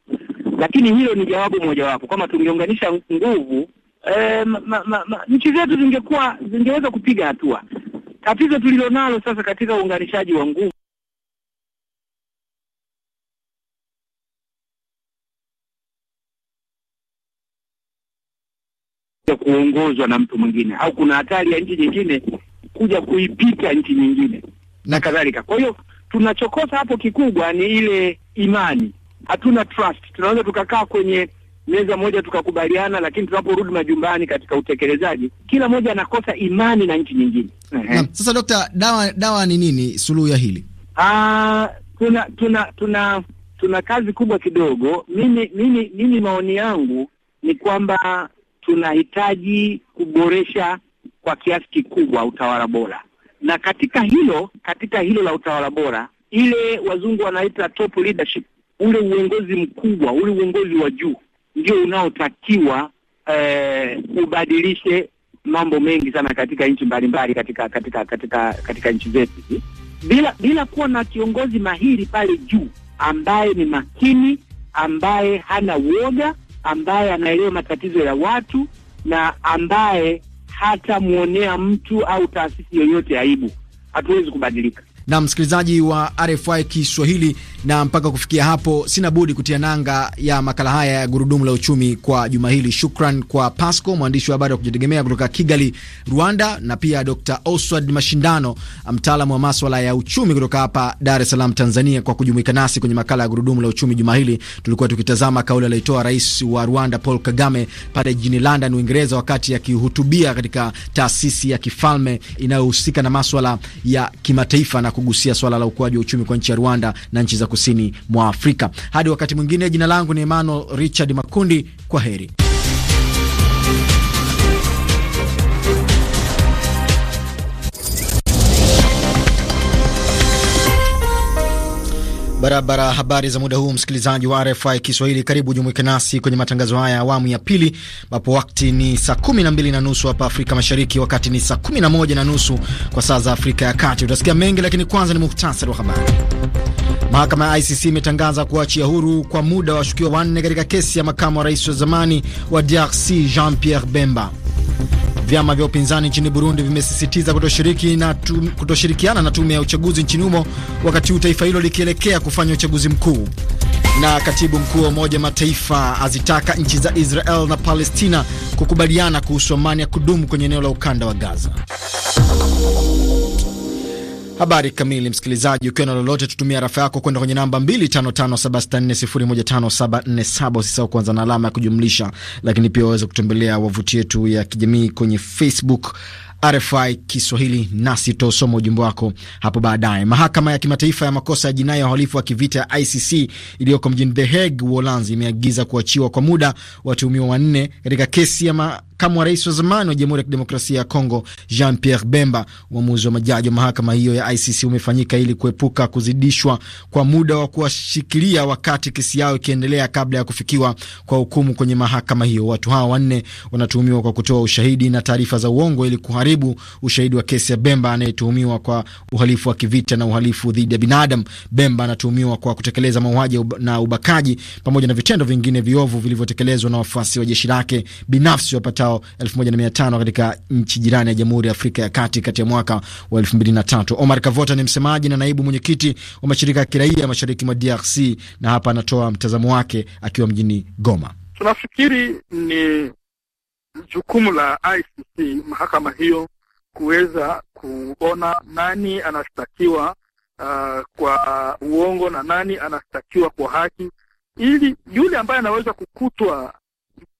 lakini hilo ni jawabu mojawapo. Kama tungeunganisha nguvu e, ma, ma, ma, nchi zetu zingekuwa zingeweza kupiga hatua. Tatizo tulilonalo sasa katika uunganishaji wa nguvu kuongozwa na mtu mwingine, au kuna hatari ya nchi nyingine kuja kuipita nchi nyingine na kadhalika. Kwa hiyo tunachokosa hapo kikubwa ni ile imani, hatuna trust. Tunaweza tukakaa kwenye meza moja tukakubaliana, lakini tunaporudi majumbani katika utekelezaji, kila mmoja anakosa imani na nchi nyingine. Na, eh. sasa Dokta, dawa dawa ni nini suluhu ya hili? Aa, ah, tuna tuna tuna tuna kazi kubwa kidogo. Mimi mimi mimi maoni yangu ni kwamba tunahitaji kuboresha kwa kiasi kikubwa utawala bora, na katika hilo katika hilo la utawala bora, ile wazungu wanaita top leadership, ule uongozi mkubwa, ule uongozi wa juu ndio unaotakiwa eh, ubadilishe mambo mengi sana katika nchi mbalimbali katika katika katika katika nchi zetu, bila bila kuwa na kiongozi mahiri pale juu ambaye ni makini, ambaye hana uoga ambaye anaelewa matatizo ya watu na ambaye hatamwonea mtu au taasisi yoyote aibu. Hatuwezi kubadilika na msikilizaji wa RFI Kiswahili. Na mpaka kufikia hapo, sina budi kutia nanga ya makala haya ya gurudumu la uchumi kwa juma hili. Shukran kwa Pasco, mwandishi wa habari wa kujitegemea kutoka Kigali, Rwanda, na pia Dr Oswald Mashindano, mtaalamu wa maswala ya uchumi kutoka hapa Dar es Salaam, Tanzania, kwa kujumuika nasi kwenye makala ya gurudumu la uchumi juma hili. Tulikuwa tukitazama kauli aliyoitoa rais wa Rwanda Paul Kagame pale jijini London, Uingereza, wakati akihutubia katika taasisi ya kifalme inayohusika na maswala ya kimataifa na kugusia swala la ukuaji wa uchumi kwa nchi ya Rwanda na nchi za kusini mwa Afrika. Hadi wakati mwingine, jina langu ni Emmanuel Richard Makundi, kwa heri. Barabara habari za muda huu, msikilizaji wa RFI Kiswahili, karibu jumuike nasi kwenye matangazo haya ya awamu ya pili, ambapo wakati ni saa kumi na mbili na nusu hapa Afrika Mashariki, wakati ni saa kumi na moja na nusu kwa saa za Afrika ya Kati. Utasikia mengi, lakini kwanza ni muhtasari wa habari. Mahakama ya ICC imetangaza kuachia huru kwa muda wa washukiwa wanne katika kesi ya makamu wa rais wa zamani wa DRC Jean Pierre Bemba. Vyama vya upinzani nchini Burundi vimesisitiza kutoshiriki na tum, kutoshirikiana na tume ya uchaguzi nchini humo wakati huu taifa hilo likielekea kufanya uchaguzi mkuu. Na katibu mkuu wa Umoja Mataifa azitaka nchi za Israel na Palestina kukubaliana kuhusu amani ya kudumu kwenye eneo la ukanda wa Gaza. Habari kamili, msikilizaji, ukiwa na lolote, tutumia rafa yako kwenda kwenye namba 255764015747. Usisahau kuanza na alama ya kujumlisha, lakini pia waweza kutembelea wavuti yetu ya kijamii kwenye Facebook RFI Kiswahili, nasi utaosoma ujumbe wako hapo baadaye. Mahakama ya Kimataifa ya Makosa ya Jinai ya Uhalifu wa Kivita ya ICC iliyoko mjini The Hague, Uholanzi, imeagiza kuachiwa kwa muda watuhumiwa wanne katika kesi ya ma makamu rais wa zamani wa Jamhuri ya Kidemokrasia ya Kongo Jean Pierre Bemba. Uamuzi wa majaji wa mahakama hiyo ya ICC umefanyika ili kuepuka kuzidishwa kwa muda wa kuwashikilia wakati kesi yao ikiendelea kabla ya kufikiwa kwa hukumu kwenye mahakama hiyo. Watu hawa wanne wanatuhumiwa kwa kutoa ushahidi na taarifa za uongo ili kuharibu ushahidi wa kesi ya Bemba anayetuhumiwa kwa uhalifu wa kivita na uhalifu dhidi ya binadamu. Bemba anatuhumiwa kwa kutekeleza mauaji na ubakaji pamoja na vitendo vingine viovu vilivyotekelezwa na wafuasi wa jeshi lake binafsi wapata wapatao 1500 katika nchi jirani ya Jamhuri ya Afrika ya Kati kati ya mwaka wa 2003. Omar Kavota ni msemaji na naibu mwenyekiti wa mashirika ya kiraia mashariki mwa DRC na hapa anatoa mtazamo wake akiwa mjini Goma. Tunafikiri ni jukumu la ICC, mahakama hiyo, kuweza kuona nani anashtakiwa uh, kwa uongo na nani anashtakiwa kwa haki, ili yule ambaye anaweza kukutwa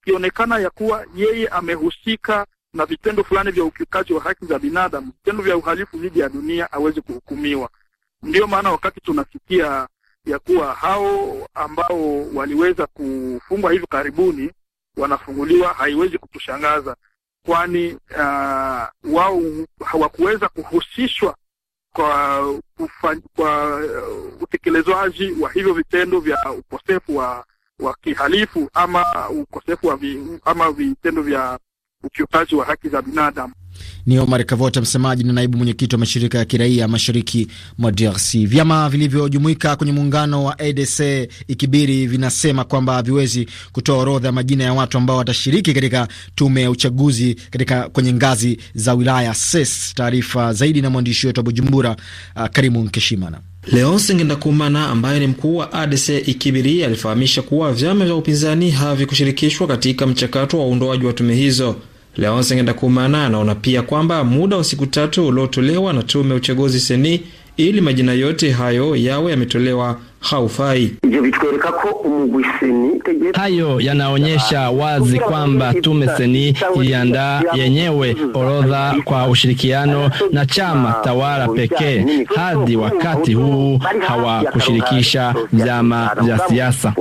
ikionekana ya kuwa yeye amehusika na vitendo fulani vya ukiukaji wa haki za binadamu, vitendo vya uhalifu dhidi ya dunia, aweze kuhukumiwa. Ndiyo maana wakati tunasikia ya kuwa hao ambao waliweza kufungwa hivi karibuni wanafunguliwa, haiwezi kutushangaza, kwani uh, wao hawakuweza kuhusishwa kwa, kwa uh, utekelezwaji wa hivyo vitendo vya ukosefu wa wa kihalifu ama ukosefu wa vi, ama vitendo vya ukiukaji wa haki za binadamu. Ni Omar Kavota, msemaji na naibu mwenyekiti wa mashirika ya kiraia mashariki mwa DRC. Vyama vilivyojumuika kwenye muungano wa ADC Ikibiri vinasema kwamba haviwezi kutoa orodha ya majina ya watu ambao watashiriki katika tume ya uchaguzi katika kwenye ngazi za wilaya ses. Taarifa zaidi na mwandishi wetu wa Bujumbura, uh, Karimu Nkeshimana. Leonce Ngendakumana ambaye ni mkuu wa ADC Ikibiri alifahamisha kuwa vyama vya upinzani havikushirikishwa katika mchakato wa uundoaji wa tume hizo. Leonce Ngendakumana anaona pia kwamba muda wa siku tatu uliotolewa na tume ya uchaguzi seni ili majina yote hayo yawe yametolewa haufai. Hayo yanaonyesha wazi kwamba tume seni iliandaa yenyewe orodha kwa ushirikiano na chama tawala pekee. Hadi wakati huu hawakushirikisha vyama vya siasa.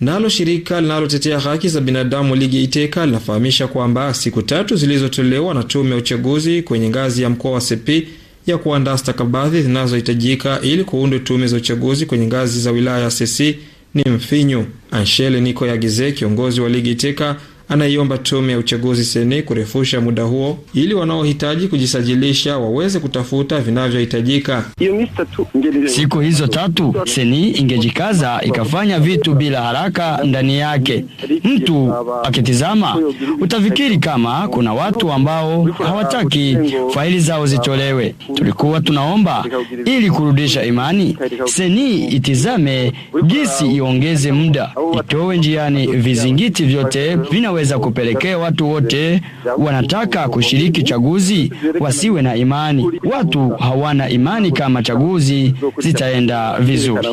Nalo shirika linalotetea haki za binadamu Ligi Iteka linafahamisha kwamba siku tatu zilizotolewa na tume ya uchaguzi kwenye ngazi ya mkoa wa Sepi ya kuandaa stakabadhi zinazohitajika ili kuundwa tume za uchaguzi kwenye ngazi za wilaya ya Sesi ni mfinyu. Anshele Niko Yagize, kiongozi wa ligi Teka, anaiomba tume ya uchaguzi seni kurefusha muda huo ili wanaohitaji kujisajilisha waweze kutafuta vinavyohitajika. Siku hizo tatu seni ingejikaza ikafanya vitu bila haraka ndani yake. Mtu akitizama utafikiri kama kuna watu ambao hawataki faili zao zitolewe. Tulikuwa tunaomba ili kurudisha imani, seni itizame gisi iongeze muda, itowe njiani vizingiti vyote vinawe inaweza kupelekea watu wote wanataka kushiriki chaguzi wasiwe na imani. Watu hawana imani kama chaguzi zitaenda vizuri.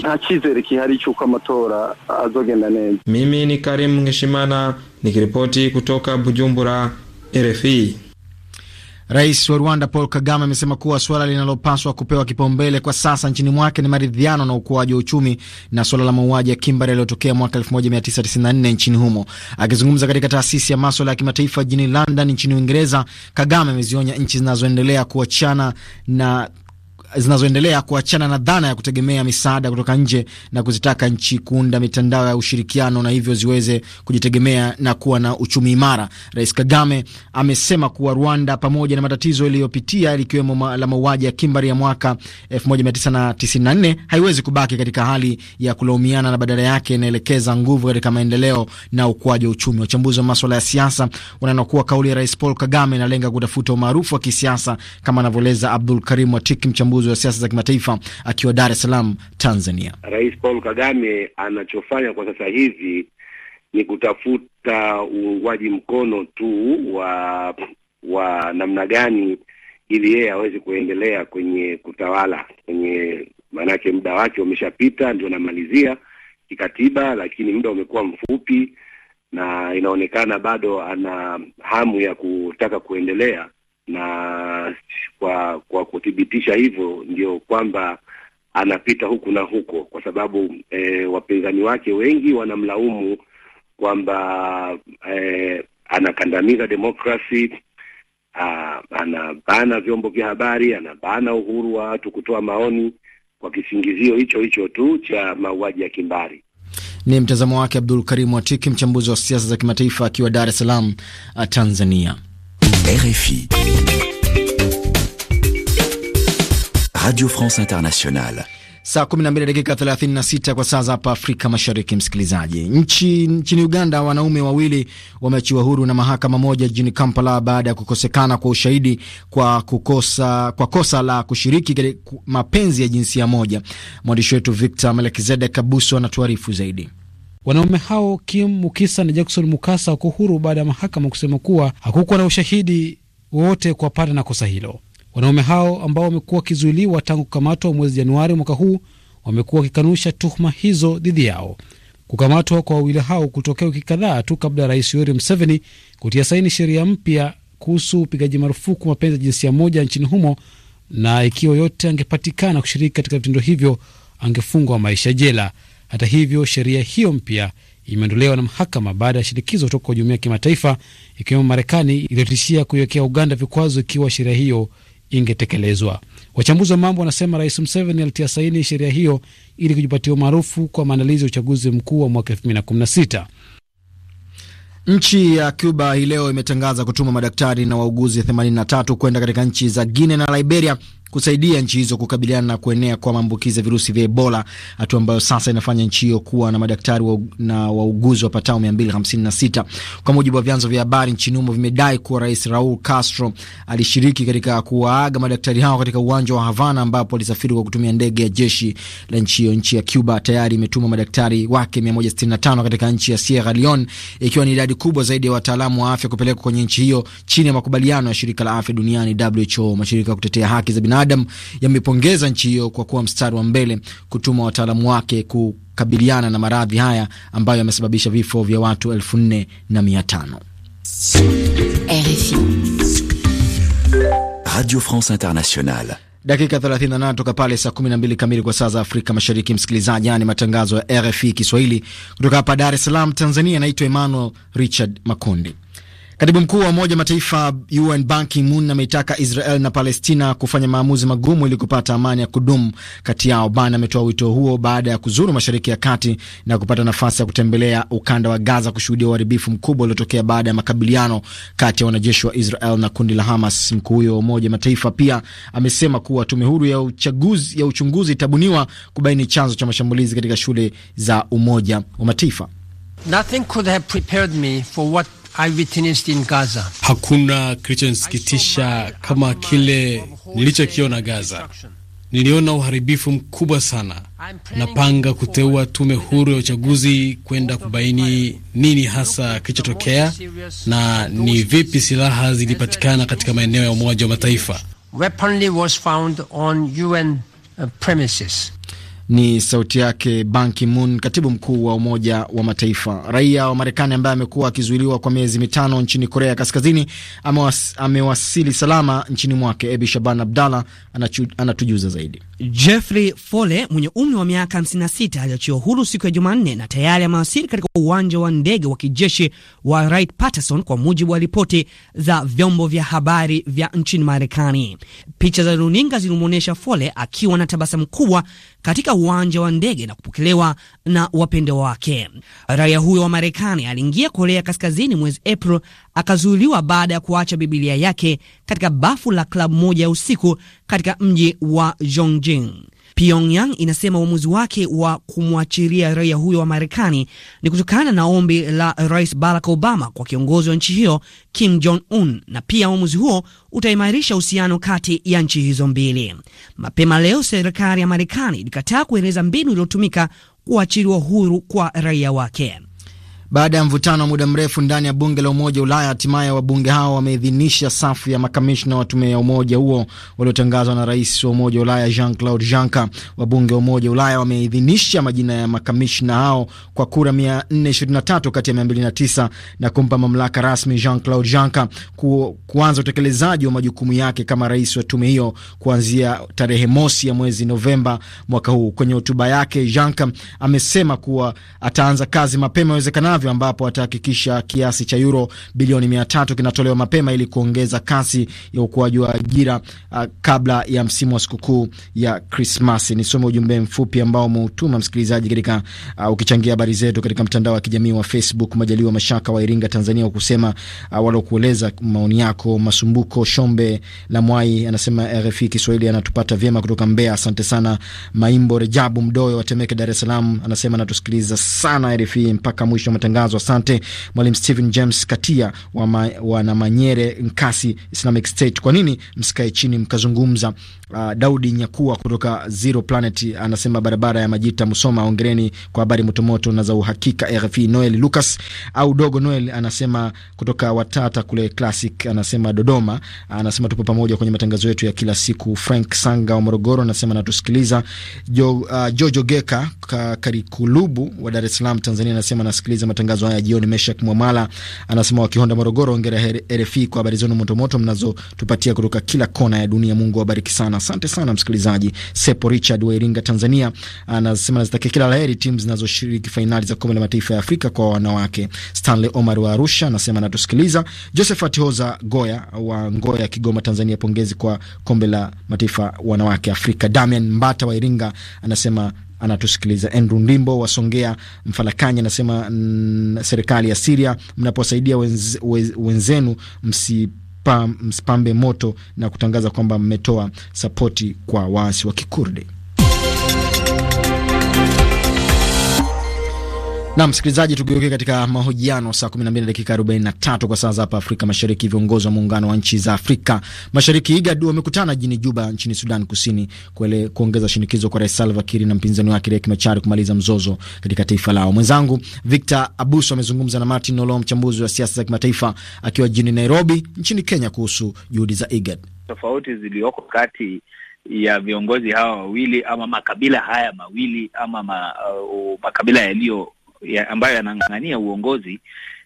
Mimi ni Karim Ngeshimana nikiripoti kutoka Bujumbura, RFI. Rais wa Rwanda Paul Kagame amesema kuwa suala linalopaswa kupewa kipaumbele kwa sasa nchini mwake ni maridhiano na ukuaji wa uchumi na suala la mauaji ya kimbari yaliyotokea mwaka 1994 nchini humo. Akizungumza katika taasisi ya maswala ya kimataifa jijini London nchini Uingereza, Kagame amezionya nchi zinazoendelea kuachana na zinazoendelea kuachana na dhana ya kutegemea misaada kutoka nje na kuzitaka nchi kuunda mitandao ya ushirikiano na hivyo ziweze kujitegemea na kuwa na uchumi imara. Rais Kagame amesema kuwa Rwanda, pamoja na matatizo iliyopitia likiwemo la mauaji ya kimbari ya mwaka 1994, haiwezi kubaki katika hali ya kulaumiana na badala yake inaelekeza nguvu katika maendeleo na ukuaji wa uchumi. Wachambuzi wa maswala ya siasa wanaona kuwa kauli ya Rais Paul Kagame inalenga kutafuta umaarufu wa kisiasa kama anavyoeleza Abdul Karim Watiki, mchambuzi mchambuzi wa siasa za kimataifa akiwa Dar es Salaam, Tanzania. Rais Paul Kagame anachofanya kwa sasa hivi ni kutafuta uungwaji mkono tu wa wa namna gani ili yeye aweze kuendelea kwenye kutawala kwenye, maanake muda wake umeshapita, ndio namalizia kikatiba, lakini muda umekuwa mfupi na inaonekana bado ana hamu ya kutaka kuendelea na kwa kwa kuthibitisha hivyo ndio kwamba anapita huku na huko, kwa sababu e, wapinzani wake wengi wanamlaumu kwamba e, anakandamiza demokrasi, anabana vyombo vya habari, anabana uhuru wa watu kutoa maoni kwa kisingizio hicho hicho tu cha mauaji ya kimbari. Ni mtazamo wake Abdul Karim Watiki, mchambuzi wa siasa za kimataifa akiwa Dar es Salaam, Tanzania. RFI. Radio France Internationale. Saa 12 dakika 36 kwa saa za hapa Afrika Mashariki. Msikilizaji, nchi nchini Uganda, wanaume wawili wameachiwa huru na mahakama moja jijini Kampala baada ya kukosekana kwa ushahidi kwa kukosa, kwa kosa la kushiriki mapenzi ya jinsia moja. Mwandishi wetu Victor Melkizedek Kabuso anatuarifu zaidi. Wanaume hao Kim Mukisa na Jackson Mukasa wako huru baada ya mahakama kusema kuwa hakukuwa na ushahidi wowote kuwapata na kosa hilo. Wanaume hao ambao wamekuwa wakizuiliwa tangu kukamatwa mwezi Januari mwaka huu wamekuwa wakikanusha tuhuma hizo dhidi yao. Kukamatwa kwa wawili hao kutokea wiki kadhaa tu kabla ya Rais Yoweri Museveni kutia saini sheria mpya kuhusu upigaji marufuku mapenzi ya jinsia moja nchini humo, na ikiwa yote angepatikana kushiriki katika vitendo hivyo angefungwa maisha jela. Hata hivyo, sheria hiyo mpya imeondolewa na mahakama baada ya shinikizo kutoka kwa jumuiya ya kimataifa ikiwemo Marekani iliyotishia kuiwekea Uganda vikwazo ikiwa sheria hiyo ingetekelezwa. Wachambuzi wa mambo wanasema Rais Museveni alitia saini sheria hiyo ili kujipatia umaarufu kwa maandalizi ya uchaguzi mkuu wa mwaka sita. Nchi ya Cuba hii leo imetangaza kutuma madaktari na wauguzi 83 kwenda katika nchi za Guinea na Liberia kusaidia nchi hizo kukabiliana na kuenea kwa maambukizi ya virusi vya Ebola, hatua ambayo sasa inafanya nchi hiyo kuwa na madaktari wa, na wauguzi wapatao 256. Kwa mujibu wa vyanzo vya habari nchini humo vimedai kuwa Rais Raul Castro alishiriki katika kuwaaga madaktari hao katika uwanja wa Havana, ambapo alisafiri kwa kutumia ndege ya jeshi la nchi hiyo. Nchi ya Cuba tayari imetuma madaktari wake 165 katika nchi ya Sierra Leone, ikiwa ni idadi kubwa zaidi ya wataalamu wa afya kupelekwa kwenye nchi hiyo chini ya makubaliano ya shirika la afya duniani WHO, mashirika ya kutetea haki za binadamu binadamu yamepongeza nchi hiyo kwa kuwa mstari wa mbele kutuma wataalamu wake kukabiliana na maradhi haya ambayo yamesababisha vifo vya watu elfu nne na mia tano. Radio France Internationale. Dakika 38 toka pale saa 12 kamili kwa saa za Afrika Mashariki. Msikilizaji, yani matangazo ya RFI Kiswahili kutoka hapa Dar es Salaam, Tanzania. Naitwa Emmanuel Richard Makundi. Katibu mkuu wa Umoja Mataifa UN Ban Ki-moon ameitaka Israel na Palestina kufanya maamuzi magumu ili kupata amani ya kudumu kati yao. Ban ametoa wito huo baada ya kuzuru Mashariki ya Kati na kupata nafasi ya kutembelea ukanda wa Gaza kushuhudia uharibifu mkubwa uliotokea baada ya makabiliano kati ya wanajeshi wa Israel na kundi la Hamas. Mkuu huyo wa Umoja Mataifa pia amesema kuwa tume huru ya uchaguzi, ya uchunguzi itabuniwa kubaini chanzo cha mashambulizi katika shule za Umoja wa Mataifa. Nothing could have prepared me for what in Gaza. Hakuna kilichonisikitisha kama kile nilichokiona Gaza. Niliona uharibifu mkubwa sana. Napanga kuteua tume huru ya uchaguzi kwenda kubaini nini hasa kilichotokea na ni vipi silaha zilipatikana katika maeneo ya Umoja wa Mataifa. Ni sauti yake Ban Ki-moon, katibu mkuu wa Umoja wa Mataifa. Raia wa Marekani ambaye amekuwa akizuiliwa kwa miezi mitano nchini Korea Kaskazini amewasili salama nchini mwake. Ebi Shaban Abdallah anatujuza zaidi. Jeffrey Fole mwenye umri wa miaka 56 aliachiwa huru siku ya Jumanne na tayari amewasili katika uwanja wa ndege wa kijeshi wa Wright Patterson, kwa mujibu wa ripoti za vyombo vya habari vya nchini Marekani. Picha za runinga zilimwonyesha Fole akiwa na tabasamu kubwa katika uwanja wa ndege na kupokelewa na wapendwa wake. Raia huyo wa Marekani aliingia Korea Kaskazini mwezi April, akazuiliwa baada ya kuacha Bibilia yake katika bafu la klabu moja ya usiku katika mji wa Jongjing. Pyongyang inasema uamuzi wake wa kumwachilia raia huyo wa Marekani ni kutokana na ombi la Rais Barack Obama kwa kiongozi wa nchi hiyo Kim Jong Un, na pia uamuzi huo utaimarisha uhusiano kati ya nchi hizo mbili. Mapema leo serikali ya Marekani ilikataa kueleza mbinu iliyotumika kuachiliwa huru kwa raia wake. Baada ya mvutano wa muda mrefu ndani ya bunge la Umoja wa Ulaya, hatimaye wabunge hao wameidhinisha safu ya makamishna wa tume ya umoja huo waliotangazwa na rais wa Umoja wa Ulaya Jean Claude Juncker. Wabunge wa Umoja wa Ulaya wameidhinisha majina ya makamishna hao kwa kura 423 kati ya 209 na kumpa mamlaka rasmi Jean Claude Juncker ku, kuanza utekelezaji wa majukumu yake kama rais wa tume hiyo kuanzia tarehe mosi ya mwezi Novemba mwaka huu. Kwenye hotuba yake, Juncker amesema kuwa ataanza kazi mapema iwezekanavyo ifuatavyo, ambapo atahakikisha kiasi cha euro bilioni mia tatu kinatolewa mapema ili kuongeza kasi ya ukuaji wa ajira uh, kabla ya msimu wa sikukuu ya Krismasi. Nisome ujumbe mfupi ambao umeutuma msikilizaji katika uh, ukichangia habari zetu katika mtandao wa kijamii wa Facebook. Majaliwa Mashaka wa Iringa, Tanzania, wakusema uh, walokueleza maoni yako. Masumbuko Shombe la Mwai anasema RFI Kiswahili anatupata vyema kutoka Mbeya, asante sana. Maimbo Rejabu Mdoyo wa Temeke, Dar es Salaam, anasema anatusikiliza sana RFI mpaka mwisho wa matangazo matangazo. Asante Mwalimu Stephen James Katia wa ma, wana Manyere Nkasi Islamic State. Kwa nini msikae chini mkazungumza? Uh, Daudi Nyakua kutoka Zero Planet anasema barabara ya Majita Musoma, ongereni kwa habari motomoto na za uhakika RFI. Noel Lucas au Dogo Noel anasema kutoka Watata kule Classic, anasema Dodoma, anasema tupo pamoja kwenye matangazo yetu ya kila siku. Frank Sanga wa Morogoro anasema natusikiliza. Jo, uh, Jojo Geka Karikulubu wa Dar es Salaam Tanzania anasema nasikiliza matangazo haya jioni, Meshak Mwamala anasema wakihonda Morogoro, ongera RFI kwa habari zenu motomoto mnazotupatia kutoka kila kona ya dunia. Mungu awabariki sana. Asante sana msikilizaji. Sepo Richard wa Iringa, Tanzania anasema nazitakia kila laheri timu zinazoshiriki fainali za kombe la mataifa ya Afrika kwa wanawake. Stanley Omar wa Arusha anasema anatusikiliza. Josephat Hoza Goya wa Ngoya, Kigoma, Tanzania, pongezi kwa kombe la mataifa wanawake Afrika. Damian Mbata wa Iringa anasema anatusikiliza. Andrew Ndimbo wasongea mfalakanyi Mfalakanya anasema mm, serikali ya Siria, mnapowasaidia wenz, wenz, wenzenu msi msipambe moto na kutangaza kwamba mmetoa sapoti kwa waasi wa Kikurdi. Na msikilizaji, tugeuke katika mahojiano saa 12 dakika 43 kwa saa za hapa Afrika Mashariki. Viongozi wa muungano wa nchi za Afrika Mashariki IGAD wamekutana jijini Juba nchini Sudan Kusini kuele, kuongeza shinikizo kwa Rais Salva Kiir na mpinzani wake Riek Machar kumaliza mzozo katika taifa lao. Mwenzangu Victor Abuso amezungumza na Martin Olo, mchambuzi wa siasa za kimataifa, akiwa jijini Nairobi nchini Kenya kuhusu juhudi za IGAD. Tofauti zilizoko kati ya viongozi hawa wawili ama makabila haya mawili ama ma, uh, makabila yaliyo ya ambayo yanang'ang'ania uongozi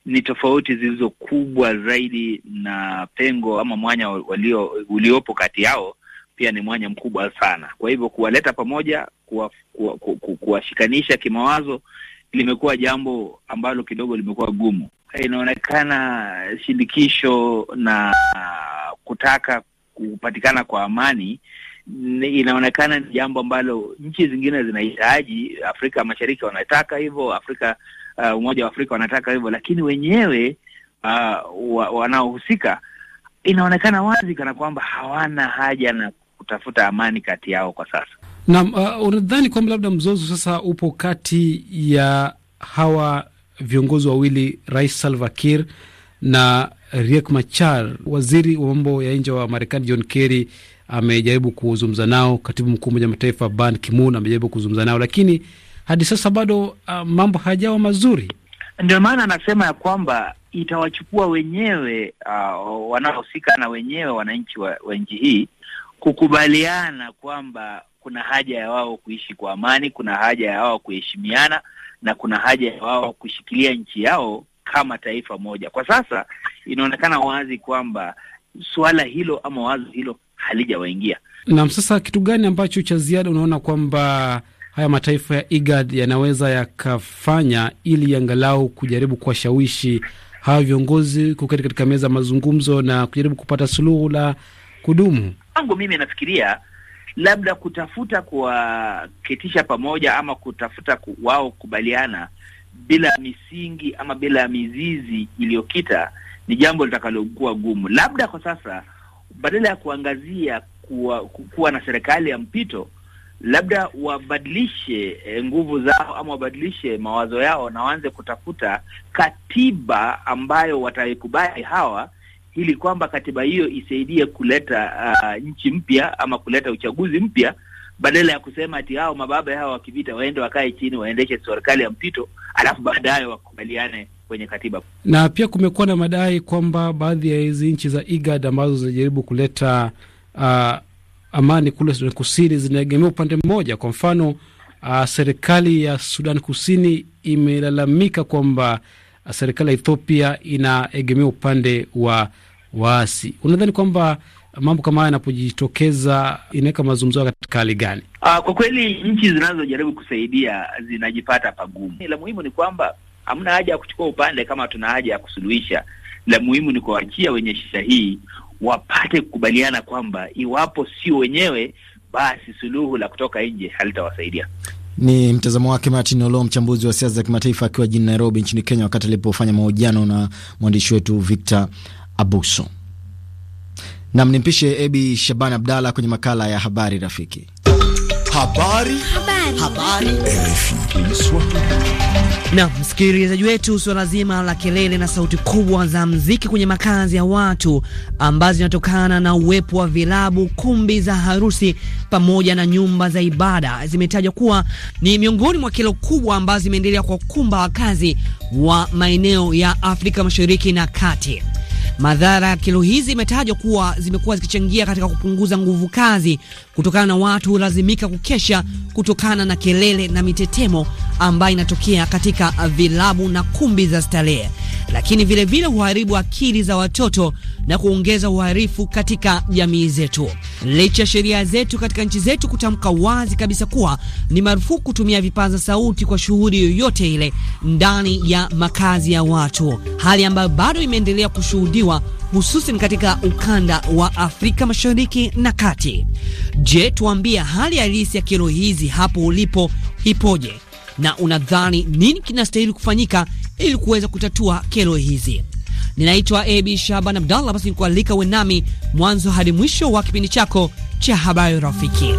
ni tofauti zilizo kubwa zaidi, na pengo ama mwanya walio, uliopo kati yao pia ni mwanya mkubwa sana. Kwa hivyo kuwaleta pamoja, kuwashikanisha kuwa, kuwa kimawazo limekuwa jambo ambalo kidogo limekuwa gumu. Inaonekana shindikisho na kutaka kupatikana kwa amani inaonekana ni jambo ambalo nchi zingine zinahitaji. Afrika Mashariki wanataka hivyo, Afrika uh, Umoja wa Afrika wanataka hivyo, lakini wenyewe uh, wa, wanaohusika inaonekana wazi kana kwamba hawana haja na kutafuta amani kati yao kwa sasa. Naam, uh, unadhani kwamba labda mzozo sasa upo kati ya hawa viongozi wawili, Rais Salva Kiir na Riek Machar, waziri wa mambo ya nje wa Marekani John Kerry amejaribu kuzungumza nao. Katibu mkuu Umoja Mataifa Ban Ki-moon amejaribu kuzungumza nao, lakini hadi sasa bado uh, mambo hayajawa mazuri. Ndio maana anasema ya kwamba itawachukua wenyewe uh, wanaohusika na wenyewe wananchi wa, wa nchi hii kukubaliana kwamba kuna haja ya wao kuishi kwa amani, kuna haja ya wao kuheshimiana na kuna haja ya wao kushikilia nchi yao kama taifa moja. Kwa sasa inaonekana wazi kwamba suala hilo ama wazo hilo halijawaingia. Naam, sasa kitu gani ambacho cha ziada unaona kwamba haya mataifa ya IGAD yanaweza yakafanya ili angalau kujaribu kuwashawishi hawa viongozi kuketi katika meza ya mazungumzo na kujaribu kupata suluhu la kudumu? Kwangu mimi nafikiria labda kutafuta kuwaketisha pamoja ama kutafuta ku, wao kubaliana bila misingi ama bila mizizi iliyokita ni jambo litakalokuwa gumu, labda kwa sasa badala ya kuangazia kuwa, kuwa na serikali ya mpito, labda wabadilishe eh, nguvu zao ama wabadilishe mawazo yao na waanze kutafuta katiba ambayo wataikubali hawa, ili kwamba katiba hiyo isaidie kuleta uh, nchi mpya ama kuleta uchaguzi mpya badala ya kusema ati hao mababa hao wakivita waende wakae chini waendeshe serikali ya mpito alafu baadaye wakubaliane kwenye katiba. Na pia kumekuwa na madai kwamba baadhi ya hizi nchi za IGAD ambazo zinajaribu kuleta uh, amani kule Sudan Kusini zinaegemea upande mmoja. Kwa mfano uh, serikali ya Sudan Kusini imelalamika kwamba uh, serikali ya Ethiopia inaegemea upande wa waasi. Unadhani kwamba mambo kama haya yanapojitokeza inaweka mazungumzo hayo katika hali gani? Uh, kwa kweli nchi zinazojaribu kusaidia zinajipata pagumu. La muhimu ni kwamba hamna haja ya kuchukua upande kama tuna haja ya kusuluhisha. La muhimu ni kuachia wenye shida hii wapate kukubaliana kwamba iwapo sio wenyewe, basi suluhu la kutoka nje halitawasaidia. Ni mtazamo wake Martin Olo, mchambuzi wa siasa za kimataifa akiwa jijini Nairobi nchini Kenya, wakati alipofanya mahojiano na mwandishi wetu Victor Abuso. Nam nimpishe Ebi Shaban Abdalla kwenye makala ya habari rafiki. Habari. Habari. Habari. Na msikilizaji wetu, suala zima la kelele na sauti kubwa za mziki kwenye makazi ya watu ambazo zinatokana na uwepo wa vilabu, kumbi za harusi pamoja na nyumba za ibada zimetajwa kuwa ni miongoni mwa kero kubwa ambazo zimeendelea kwa kumba wakazi wa maeneo ya Afrika Mashariki na Kati. Madhara ya kilo hizi imetajwa kuwa zimekuwa zikichangia katika kupunguza nguvu kazi kutokana na watu hulazimika kukesha kutokana na kelele na mitetemo ambayo inatokea katika vilabu na kumbi za starehe, lakini vilevile huharibu akili za watoto na kuongeza uhalifu katika jamii zetu, licha ya sheria zetu katika nchi zetu kutamka wazi kabisa kuwa ni marufuku kutumia vipaza sauti kwa shughuli yoyote ile ndani ya makazi ya watu, hali ambayo bado imeendelea kushuhudiwa hususan katika ukanda wa Afrika Mashariki na Kati. Je, tuambia hali halisi ya kero hizi hapo ulipo ipoje, na unadhani nini kinastahili kufanyika ili kuweza kutatua kero hizi? Ninaitwa AB Shaban Abdallah. Basi nikualika wenami mwanzo hadi mwisho wa kipindi chako cha habari rafiki.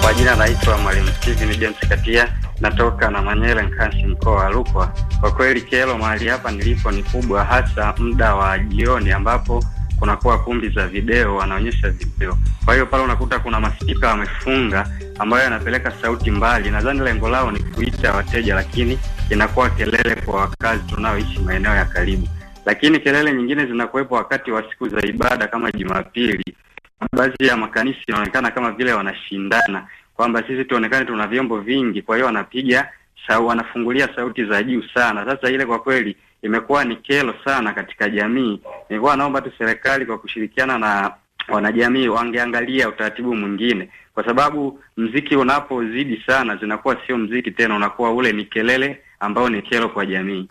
Kwa jina naitwa Mwalimu Steven James Katia, natoka na Manyele Nkasi, mkoa wa Rukwa. Kwa kweli kelo mahali hapa nilipo ni kubwa, hasa muda wa jioni ambapo kunakuwa kumbi za video, wanaonyesha video. Kwa hiyo pale unakuta kuna maspika wamefunga, ambayo yanapeleka sauti mbali. Nadhani lengo lao ni kuita wateja, lakini inakuwa kelele kwa wakazi tunaoishi maeneo ya karibu. Lakini kelele nyingine zinakuwepo wakati wa siku za ibada kama Jumapili. Baadhi ya makanisa inaonekana kama vile wanashindana kwamba sisi tuonekane tuna vyombo vingi, kwa hiyo wanapiga sau, wanafungulia sauti za juu sana. Sasa ile kwa kweli imekuwa ni kero sana katika jamii. Nilikuwa naomba tu serikali kwa kushirikiana na wanajamii wangeangalia utaratibu mwingine, kwa sababu mziki unapozidi sana zinakuwa sio mziki tena, unakuwa ule ni kelele ambayo ni kero kwa jamii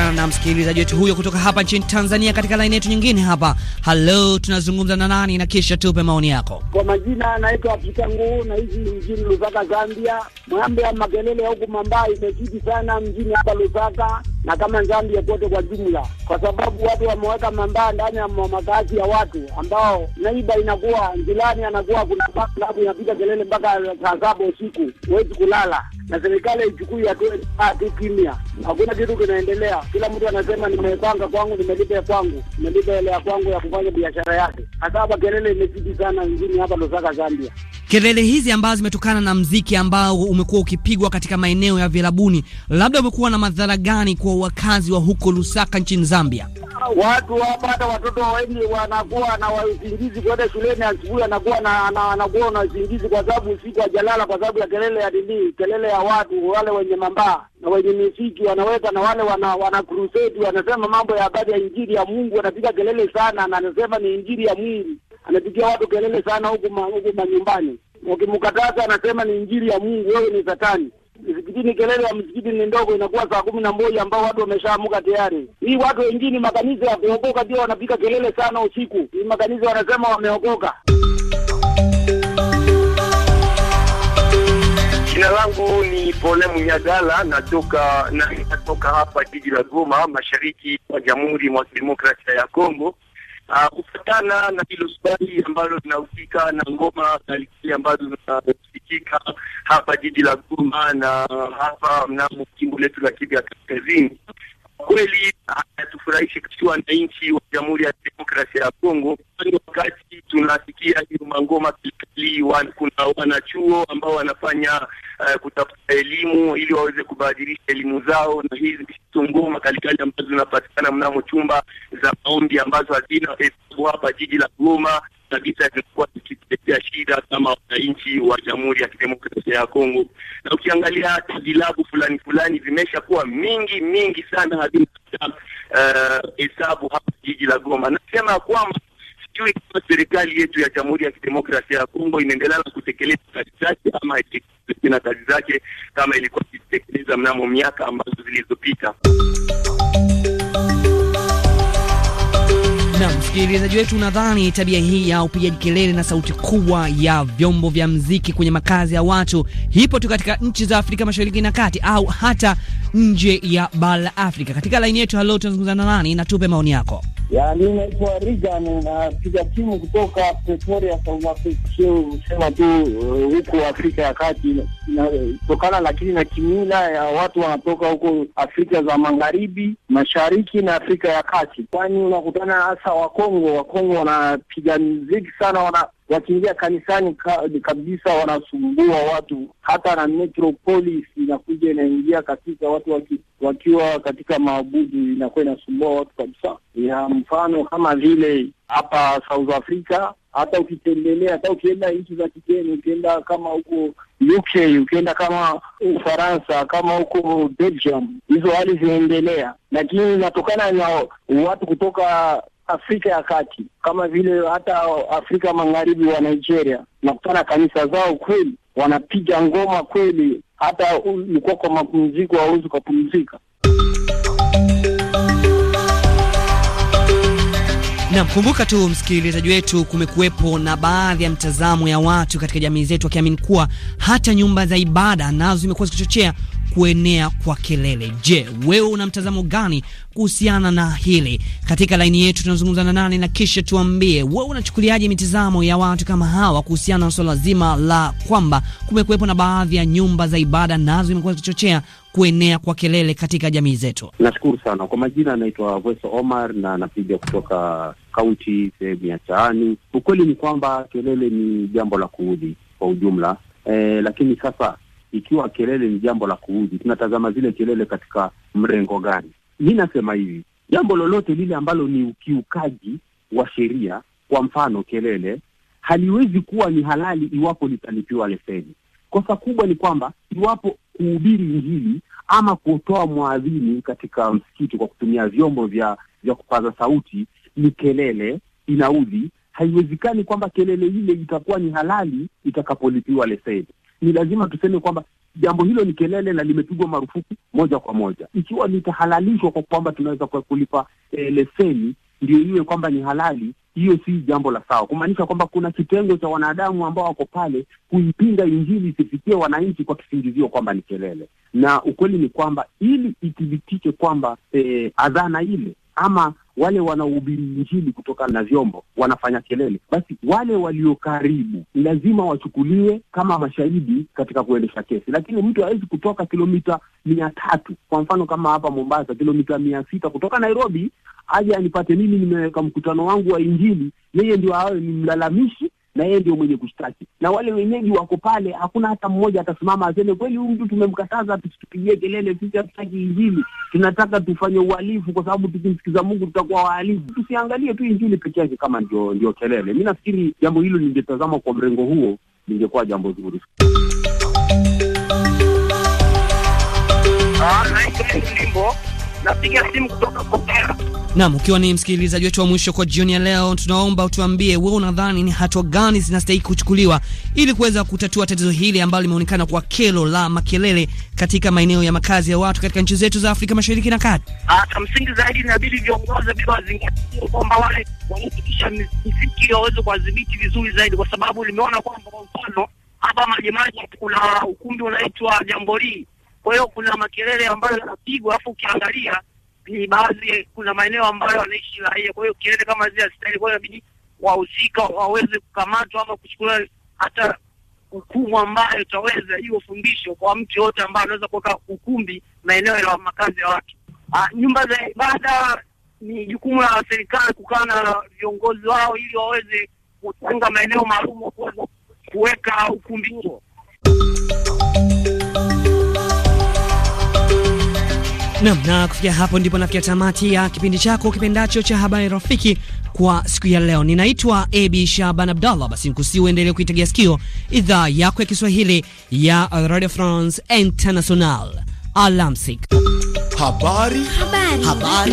tunaachana na msikilizaji wetu huyo kutoka hapa nchini Tanzania. Katika laini yetu nyingine hapa, halo, tunazungumza na nani? Na kisha tupe maoni yako. Kwa majina anaitwa Afrika Nguu na hizi mjini Lusaka, Zambia. Mwambe ya makelele huku Mambai imezidi sana mjini hapa Lusaka na kama Zambia kote kwa jumla, kwa sababu watu wameweka mambaa ndani ya makazi ya watu ambao naiba inakuwa njilani, anakuwa kuna klabu inapiga kelele mpaka saa saba usiku, huwezi kulala, na serikali haichukui hatua tu kimya. Hakuna kitu kinaendelea, kila mtu anasema nimepanga kwangu, nimelipa kwangu, nimelipa ile ya kwangu ya kufanya biashara yake. Hata hapa kelele imezidi sana nchini hapa Lusaka, Zambia. Kelele hizi ambazo zimetokana na mziki ambao umekuwa ukipigwa katika maeneo ya vilabuni, labda umekuwa na madhara gani kwa kwa wakazi wa huko Lusaka nchini Zambia. Watu wapata watoto wengi wanakuwa na wasingizi kwenda shuleni asubuhi, anakuwa na anakuwa na usingizi kwa sababu usiku hajalala kwa sababu ya kelele ya dini, kelele ya watu wale wenye mambaa na wenye misiki wanaweka na wale wana, wana crusade wanasema mambo ya habari ya injili ya Mungu, wanapiga kelele sana, na anasema ni injili ya Mungu, anapigia watu kelele sana huku manyumbani. Ukimkataza anasema ni injili ya Mungu, wewe ni satani msikitini kelele ya msikiti ni ndogo, inakuwa saa kumi na moja ambao watu wameshaamuka tayari. Hii watu wengine makanisa ya kuokoka ndio wanapiga kelele sana usiku, hii makanisa wanasema wameokoka. Jina langu ni Pole Munyagala, natoka na natoka hapa jiji la Goma, mashariki mwa Jamhuri mwa Kidemokrasia ya Kongo. Ah, kufuatana na hilo swali ambalo linahusika na ngoma ambazo kusikika hapa jiji la Goma na hapa mnamo jimbo letu la Kivu ya Kaskazini. Kweli hayatufurahishi kati nchi wa Jamhuri ya Demokrasia ya Kongo, kwani wakati tunasikia hiyo mangoma kali, kuna wanachuo ambao wanafanya uh, kutafuta elimu ili waweze kubadilisha elimu zao, na hizi ngoma kalikali ambazo zinapatikana mnamo chumba za maombi ambazo hazina hesabu hapa jiji la Goma kabisa, zinakuwa ya shida kama wananchi wa Jamhuri ya Kidemokrasia ya Kongo. Na ukiangalia hata vilabu fulani fulani vimeshakuwa mingi mingi sana hadi eh, hesabu uh, hapa jiji la Goma. Nasema kwamba sijui kama serikali yetu ya Jamhuri ya Kidemokrasia ya Kongo inaendelea na kutekeleza kazi zake ama na kazi zake kama ilikuwa ikitekeleza mnamo miaka ambazo zilizopita. Na msikilizaji wetu, nadhani tabia hii ya upigaji kelele na sauti kubwa ya vyombo vya mziki kwenye makazi ya watu hipo tu katika nchi za Afrika Mashariki na Kati au hata nje ya bara la Afrika. Katika laini yetu halo, tunazungumza na nani? maoni yako yani mi naitwa Regan, napiga timu kutoka Pretoria, South Africa. Sio tu uh, huko uh, Afrika ya Kati inatokana lakini na kimila ya watu wanatoka huko Afrika za Magharibi, Mashariki na Afrika ya Kati, kwani unakutana hasa Wakongo. Wakongo wanapiga mziki sana, wana wakiingia kanisani ka, kabisa wanasumbua watu, hata na metropolis inakuja inaingia katika watu waki, wakiwa katika maabudu inakuwa inasumbua watu kabisa. Ya mfano kama vile hapa South Africa, hata ukitembelea, hata ukienda nchi za kigeni, ukienda kama huko UK, ukienda kama Ufaransa, kama huko Belgium, hizo hali zinaendelea, lakini inatokana na watu kutoka Afrika ya Kati kama vile hata Afrika Magharibi wa Nigeria, nakutana kanisa zao kweli, wanapiga ngoma kweli, hata ulikuwa kwa mapumziko hauwezi ukapumzika. Nam, kumbuka tu msikilizaji wetu, kumekuwepo na baadhi ya mtazamo ya watu katika jamii zetu wakiamini kuwa hata nyumba za ibada nazo zimekuwa zikichochea kuenea kwa kelele. Je, wewe una mtazamo gani kuhusiana na hili? Katika laini yetu tunazungumza na nani, na kisha tuambie wewe unachukuliaje mitazamo ya watu kama hawa kuhusiana na swala zima la kwamba kumekuwepo na baadhi ya nyumba za ibada nazo imekuwa zikichochea kuenea kwa kelele katika jamii zetu. Nashukuru sana kwa majina, anaitwa Voiso Omar na anapiga kutoka kaunti sehemu ya Chaani. Ukweli ni kwamba kelele ni jambo la kuudhi kwa ujumla, e, lakini sasa ikiwa kelele ni jambo la kuudhi tunatazama zile kelele katika mrengo gani? Mi nasema hivi, jambo lolote lile ambalo ni ukiukaji wa sheria, kwa mfano kelele, haliwezi kuwa ni halali iwapo litalipiwa leseni. Kosa kubwa ni kwamba iwapo kuhubiri Injili ama kutoa mwadhini katika msikiti kwa kutumia vyombo vya vya kupaza sauti ni kelele, inaudhi. Haiwezekani kwamba kelele ile itakuwa ni halali itakapolipiwa leseni ni lazima tuseme kwamba jambo hilo ni kelele na limepigwa marufuku moja kwa moja. Ikiwa litahalalishwa kwa kwamba tunaweza kwa kulipa e, leseni ndio iwe kwamba ni halali, hiyo si jambo la sawa, kumaanisha kwamba kuna kitengo cha wanadamu ambao wako pale kuipinga Injili isifikie wananchi kwa kisingizio kwamba ni kelele. Na ukweli ni kwamba ili ithibitike kwamba e, adhana ile ama wale wanaohubiri Injili kutoka na vyombo wanafanya kelele, basi wale walio karibu ni lazima wachukuliwe kama mashahidi katika kuendesha kesi, lakini mtu hawezi kutoka kilomita mia tatu kwa mfano kama hapa Mombasa, kilomita mia sita kutoka Nairobi aje anipate mimi nimeweka mkutano wangu wa Injili, yeye ndio awe ni mlalamishi na yeye ndio mwenye kushtaki, na wale wenyeji wako pale, hakuna hata mmoja atasimama aseme kweli huyu mtu tumemkataza, tusitupigie kelele, sisi hatutaki Injili, tunataka tufanye uhalifu, kwa sababu tukimsikiza Mungu tutakuwa wahalifu. Tusiangalie tu Injili peke yake kama ndio ndio kelele. Mi nafikiri jambo hilo lingetazama kwa mrengo huo, lingekuwa jambo zuri. Ah, Napiga simu kutoka Kopera. Nam, ukiwa ni msikilizaji wetu wa mwisho kwa jioni ya leo, tunaomba utuambie wewe unadhani ni hatua gani zinastahili kuchukuliwa ili kuweza kutatua tatizo hili ambalo limeonekana kwa kelo la makelele katika maeneo ya makazi ya watu katika nchi zetu za Afrika Mashariki na Kati. Ah, cha msingi zaidi, inabidi viongozi pia wazingatie kwamba wale wanaofikisha miziki waweze kuwadhibiti vizuri zaidi, kwa sababu limeona kwamba, kwa mfano hapa Majimaji kuna ukumbi unaitwa Jambori, kwa hiyo kuna makelele ambayo yanapigwa, afu ukiangalia ni baadhi, kuna maeneo ambayo wanaishi raia. Kwa hiyo kelele kama zile hazistahili. Kwa hiyo inabidi wahusika waweze kukamatwa ama kuchukuliwa hata hukumu ambayo itaweza hiyo fundisho kwa mtu yoyote ambaye anaweza kuweka ukumbi maeneo ya makazi ya watu. Ah, nyumba za ibada ni jukumu la serikali kukaa na viongozi wao ili waweze kutenga maeneo maalum kuweza kuweka ukumbi huo. Nam na kufikia hapo ndipo nafikia tamati ya kipindi chako kipendacho cha habari rafiki kwa siku ya leo. Ninaitwa Abi Shaban Abdallah. Basi nikusi uendelee kuitegea sikio idhaa yako ya Kiswahili ya Radio France International. Alamsik. Habari. Habari. Habari.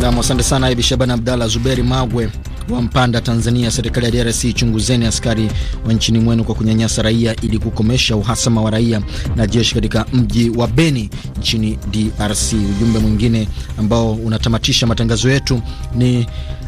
Nam, asante sana Abi Shaban Abdallah. Zuberi Magwe wa Mpanda, Tanzania. Serikali ya DRC, ichunguzeni askari wa nchini mwenu kwa kunyanyasa raia ili kukomesha uhasama wa raia na jeshi katika mji wa Beni nchini DRC. Ujumbe mwingine ambao unatamatisha matangazo yetu ni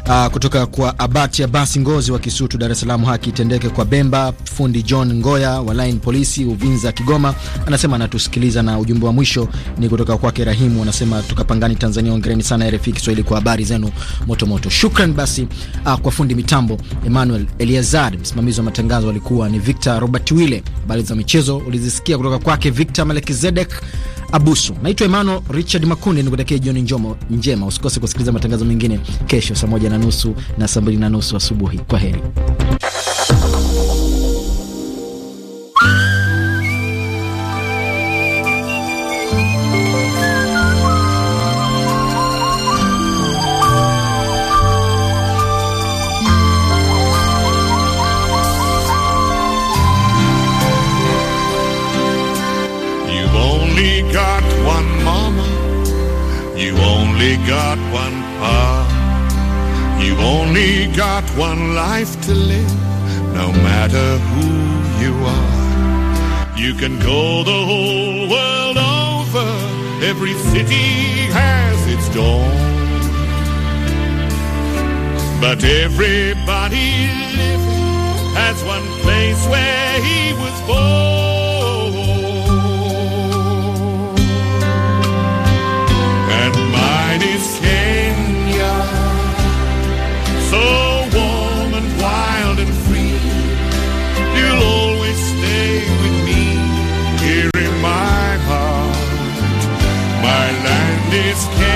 Uh, kutoka kwa Abati Abasi Ngozi wa Kisutu, Dar es Salaam. Haki itendeke kwa Bemba fundi John Ngoya wa Line Polisi Uvinza, Kigoma, anasema anatusikiliza. Na ujumbe wa mwisho ni kutoka kwake Rahimu, anasema tukapangani Tanzania. Ongereni sana RFI Kiswahili kwa habari zenu motomoto. Shukran basi. Uh, kwa fundi mitambo Emmanuel Eliazar, msimamizi wa matangazo alikuwa ni Victor Robert Wile. Habari za michezo ulizisikia kutoka kwake Victor Melekizedek Abusu. Naitwa Emmanuel Richard Makundi, nikutakia jioni njomo njema. Usikose kusikiliza matangazo mengine kesho saa moja na nusu na saa mbili na nusu asubuhi. Kwa heri. only got one path. You've only got one life to live, no matter who you are. You can go the whole world over, every city has its dawn. But everybody living has one place where he was born. this can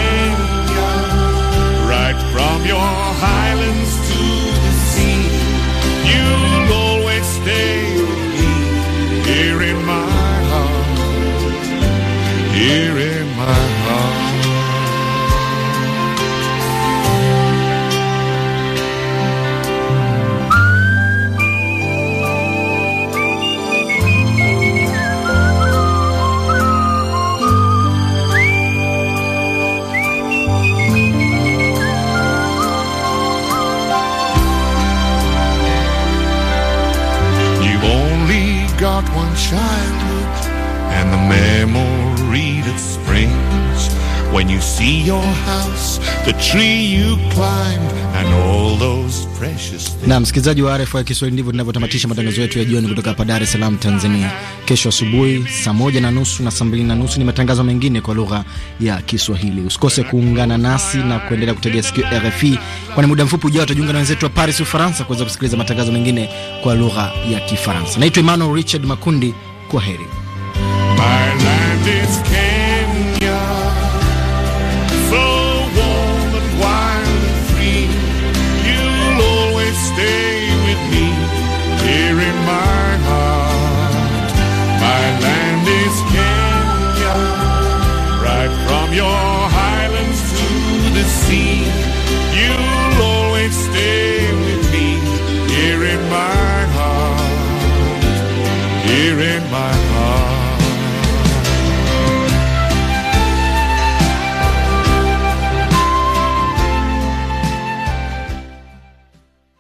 Na msikilizaji wa RFI Kiswahili, ndivyo tunavyotamatisha matangazo yetu ya jioni kutoka hapa Dar es Salaam, Tanzania. Kesho asubuhi saa moja na nusu na saa mbili na nusu ni matangazo mengine kwa lugha ya Kiswahili. Usikose kuungana nasi na kuendelea kutegea sikio RFI, kwani muda mfupi ujao utajiunga na wenzetu wa Paris, Ufaransa, kuweza kusikiliza matangazo mengine kwa lugha ya Kifaransa. Naitwa Emmanuel Richard Makundi, kwa heri. see. You'll always stay with me here in my heart, here in my heart.